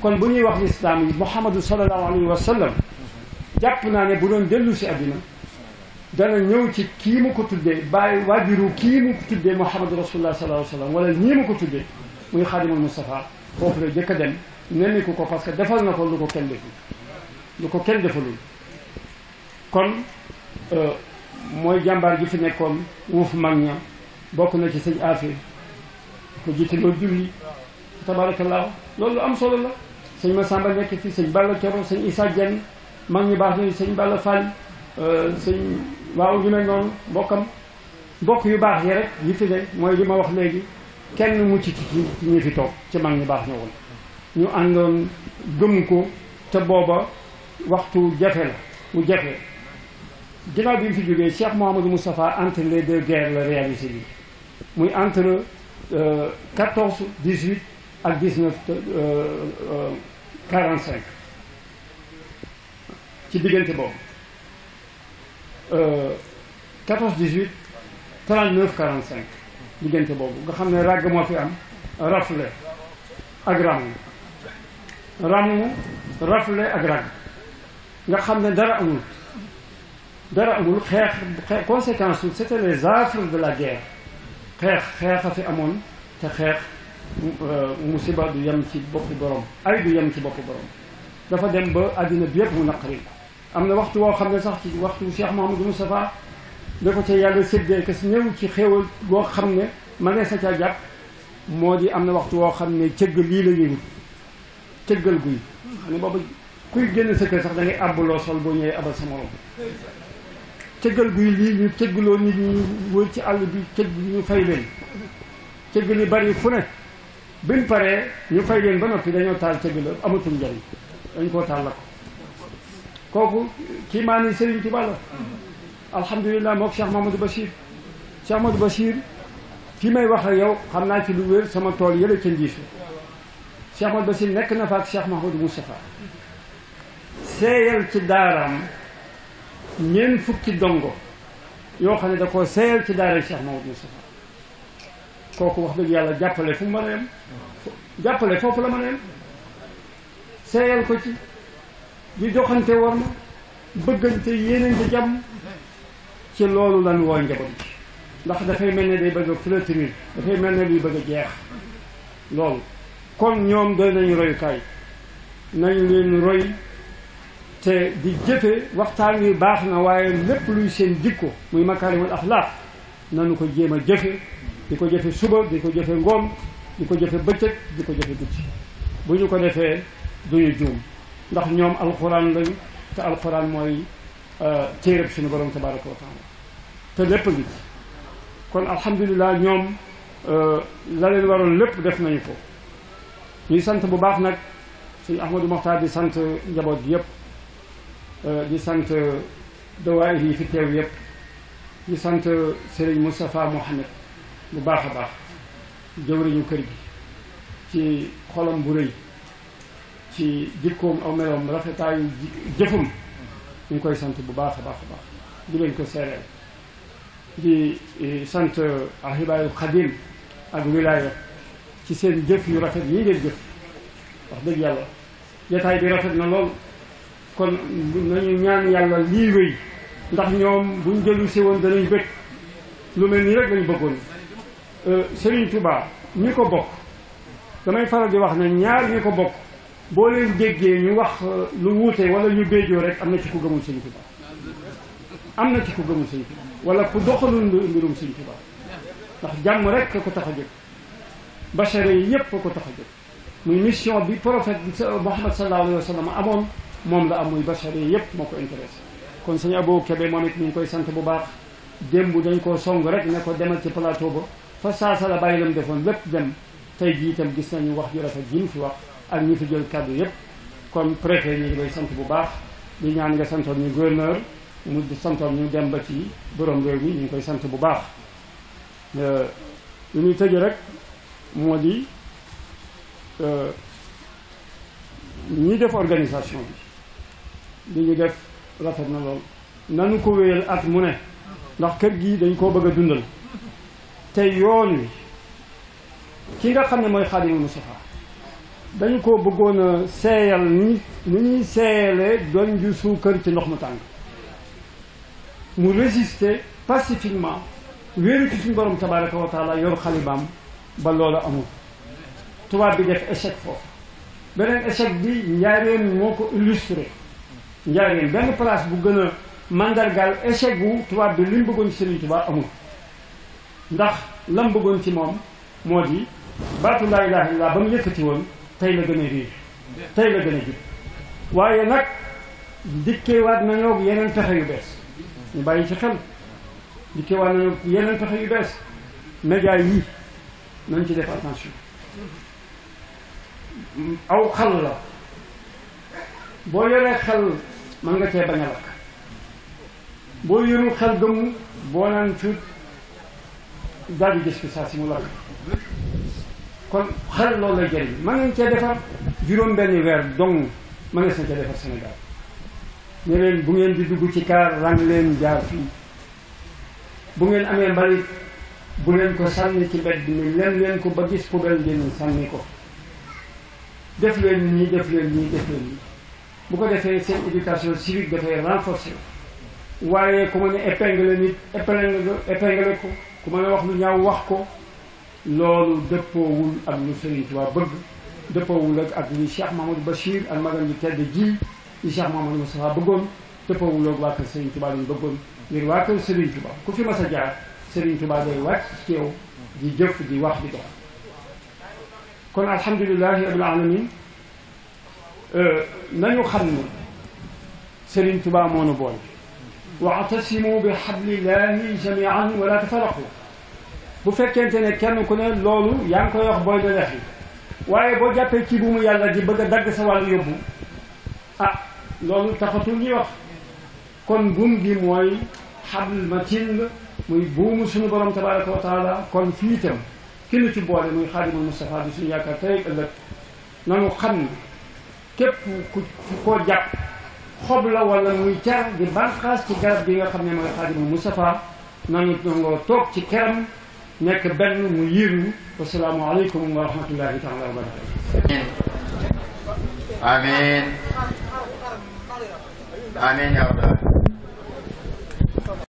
kon bu ñuy wax lislaam yi muhammadu sallallahu alayhi wa sallam jàpp naa ne bu doon dellu si àddina dana ñëw ci kii mu ko tuddee bàyyi waajuru kii mu ko tuddee muhammadu rasulullah sallallahu alayhi wa sallam wala ñii mu ko tuddee muy xaadimul Mustafa foofu la jëkka dem dem nemmiku ko parce que defal na ko lu ko kenn deful lu ko kenn defalul kon euh, mooy jàmbaar ji fi nekkoon wuuf mag ña bokk na ci sëñ affaire ko jiite loolu julli tabaarakallaahu loolu lu am solo la sëñ Masamba nekk fi sëñ Balla Coro sëñ Issa Dieng mag ñu baax nañu sëñ Balla Fall euh, sëñ waaw ñu mel noonu mbokkam bokk yu baax yi rek yi fi ne mooy li ma wax léegi kenn mucc ci ci ñi fi toog ci mag ñu baax woon ñu àndoon gëm ko te booba waxtu jafe la mu jafe ginnaaw bi mu fi Cheikh Mohamed Moustapha entre les deux guerres réalisées. entre 14 18 et 19 45 ci diggante 14 18 39 45 diggante boobu nga xam ne ràgg fi am rafle Agram. ràmm rafle ak nga xam dara Darangul xeex conséquence su c'était les affres de la guerre xeex xeex a fi amoon te xeex musiba du yem ci boppu borom ay du yem ci boppu borom dafa dem ba àddina bi yëpp mu naqari am na waxtu woo xam ne sax ci waxtu Cheikh Mouhamadou Moustapha da ko ca yàlla séddee que si ñëw ci xéewal boo xam ne ma ne sa caa jàpp moo di am na waxtu woo xam ne cëgg lii la ñuy wut cëggal guy xam ne boobu kuy génn sa kër sax da ngay àbb loo sol boo ñëwee abal sa morom tëggal guy lii ci àll bi tëgg ñu fay leen tëgg li bari fu ne ñu fay leen ba noppi dañoo taal la amatul njariñ dañ koo taal la ko kooku kii maa ni Serigne Touba la alhamdulilah mook Cheikh Mamadou Bachir Cheikh Mamadou Bachir fi may wax yow xam naa ci lu wér sama tool yële ca Ndiif Cheikh Mamadou nekk na fa ak Cheikh Mahamadou Moustapha seeyal ñeent fukki dongo yoo xam ne da koo seeyal ci daara Cheikh Mamadou Moustapha kooku wax dëgg yàlla jàppale fu mu jàppale foofu la mën a ko ci di joxante war na bëggante yéenante jàmm ci loolu lan woo njaboot ndax dafay mel ne day bëgg a dafay mel ne luy bëgg jeex loolu kon ñoom doy nañu royukaay nañ leen roy te di jëfe waxtaan wi baax na waaye lépp luy seen jikko muy makaarimul axlaaq nanu ko jéem a jëfe di ko jëfe suba di ko jëfe ngoom di ko jëfe bëccëg di ko jëfe guddi bu ñu ko defee duñu juum ndax ñoom alxuraan lañu te alxuraan mooy euh, téereb suñu borom tabaraka wa taala te lépp ngi ci kon alhamdulilah ñoom euh, la leen waroon lépp def nañu ko ñuy sant bu baax nag suñu Ahmadou Mokhtar di sant njaboot gi yëpp di sant dawaayir yi fi teew yépp di sant Serigne mustapha Mohamed bu baax a baax jëwriñu kër gi ci xolam bu rëy ci jikkoom aw melom rafetaayu jëfum ñu ngi koy sant bu baax a baax a baax di leen ko seereel di sant ahibaayu xadim ak wilaya ci seen jëf yu rafet yi ngeen jëf wax dëgg yàlla jataay bi rafet na lool kon nañu ñaan yàlla lii wéy ndax ñoom buñ dellu si woon danañ bëgg lu mel nii rek lañ bëggoon euh, Serigne Touba ñi ko bokk damay faral di wax ne ñaar ñi ko bokk boo leen déggee ñu wax euh, lu wuute wala ñu béejoo rek am na ci ku gëmul Serigne Touba am na ci ku gëmul Serigne Touba wala ku doxalul mbirum Serigne Touba ndax jàmm rek ko tax a jóg bachare yi yépp ko tax a jóg muy mission bi prophète bi Muhammad sallallahu alayhi amoon moom la am muy bachari yépp moo ko intéressé kon sëñ Abo Kébé moom it ñu ngi koy sant bu baax démb dañ koo song rek ne ko demal ci plateau ba fa saasa la bàyyi lam defoon lépp dem tey jii itam gis nañu wax ju rafet ji mu fi wax ak ñu fi jël kàddu yépp kon préfet ñu ngi koy sant bu baax di ñaan nga santoon ñu gouverneur mu santoon ñu dem ba ci boroom réew mi ñu ngi koy sant bu baax euh, li ñuy tëj rek moo di euh, ñi def organisation bi li ñu def rafet na lool nanu ko wéyal at mu ne ndax kër gi dañ koo bëgg a dundal te yoon wi ki nga xam ne mooy Xaadimu Mustafaa dañu ko bëggoon a seeyal ni ni ñuy seeyalee doñ ju suukar ci ndox mu tàng mu résister pacifiquement wéeru ci suñu borom tabaraka wa taala yor xalibaam ba loolu amul tubaab bi def échec foofu beneen échec bi njaareem moo ko illustré njaareem benn place bu gën a mandargaal échec bu tubaab bi li mu bëggoon ci Serigne Touba amul ndax lam bëggoon ci moom moo di baatu laa ilaaha ba mu yëkkati woon tey la gën a riir tey la gën a jub waaye nag dikkeewaat nañoo yeneen pexe yu bees ñu bàyyi ci xel dikkeewaat nañoo yeneen pexe yu bees média yii nañ ci def attention aw xal la boo yoree xel man nga cee bañ a lakk boo yënul xel gëmm boo naan cuut daal di gis bi saa si mu lakk kon xel loolu lay jëriñ mën nañ cee defar juróom-benni weer dong mën nga seen cee defar Sénégal ne leen bu ngeen di dugg ci kaar rang leen jaar fii bu ngeen amee mbalit bu leen ko sànni ci mbedd mi leen leen ko ba gis poubelle ngeen sànni ko def leen nii def leen nii def leen nii bu ko defee seen éducation civique dafay renforcer waaye ku mën a épingle ko ku mën a wax lu ñaaw wax ko loolu dëppoowul ak lu Sëriñ Tuubaa bëgg dëppoowul ak ak li Cheikh Mahamadou Bachir ak magam ñu ji li Cheikh Mahamadou Moustapha bëggoon Sëriñ Tuubaa lañ bëggoon ngir waa Sëriñ Tuubaa ku fi mas a jaar Sëriñ Tuubaa day wàcc ci yow di jëf di wax di dox kon alhamdulilahi rabbil alamin nañu xam ni Serigne Touba moo nu boole waatasimu bi hablillahi jamian wala tafaraqu bu fekkente ne kenn ku ne loolu yaa ngi koy wax booy da lex yi waaye boo jàppee ci bu mu yàlla di bëgg a dagg sa wàllu yóbbu ah loolu taxatul ñuy wax kon buum gi mooy xabl matin la muy buumu suñu borom tabaraka wa taala kon fii itam ki nu ci boole muy xaadimul Mustafa bi suñu yaakaar tey ëllëg nanu xam képp ku koo jàpp xob la wala muy car di banqaas ci garab bi nga xam ne mooy xaadimu Mustafa nañu nangoo toog ci këram nekk benn mu yiiru wasalaamu aleykum wa rahmatullahi taala wa barakatu amin amin ya rabbal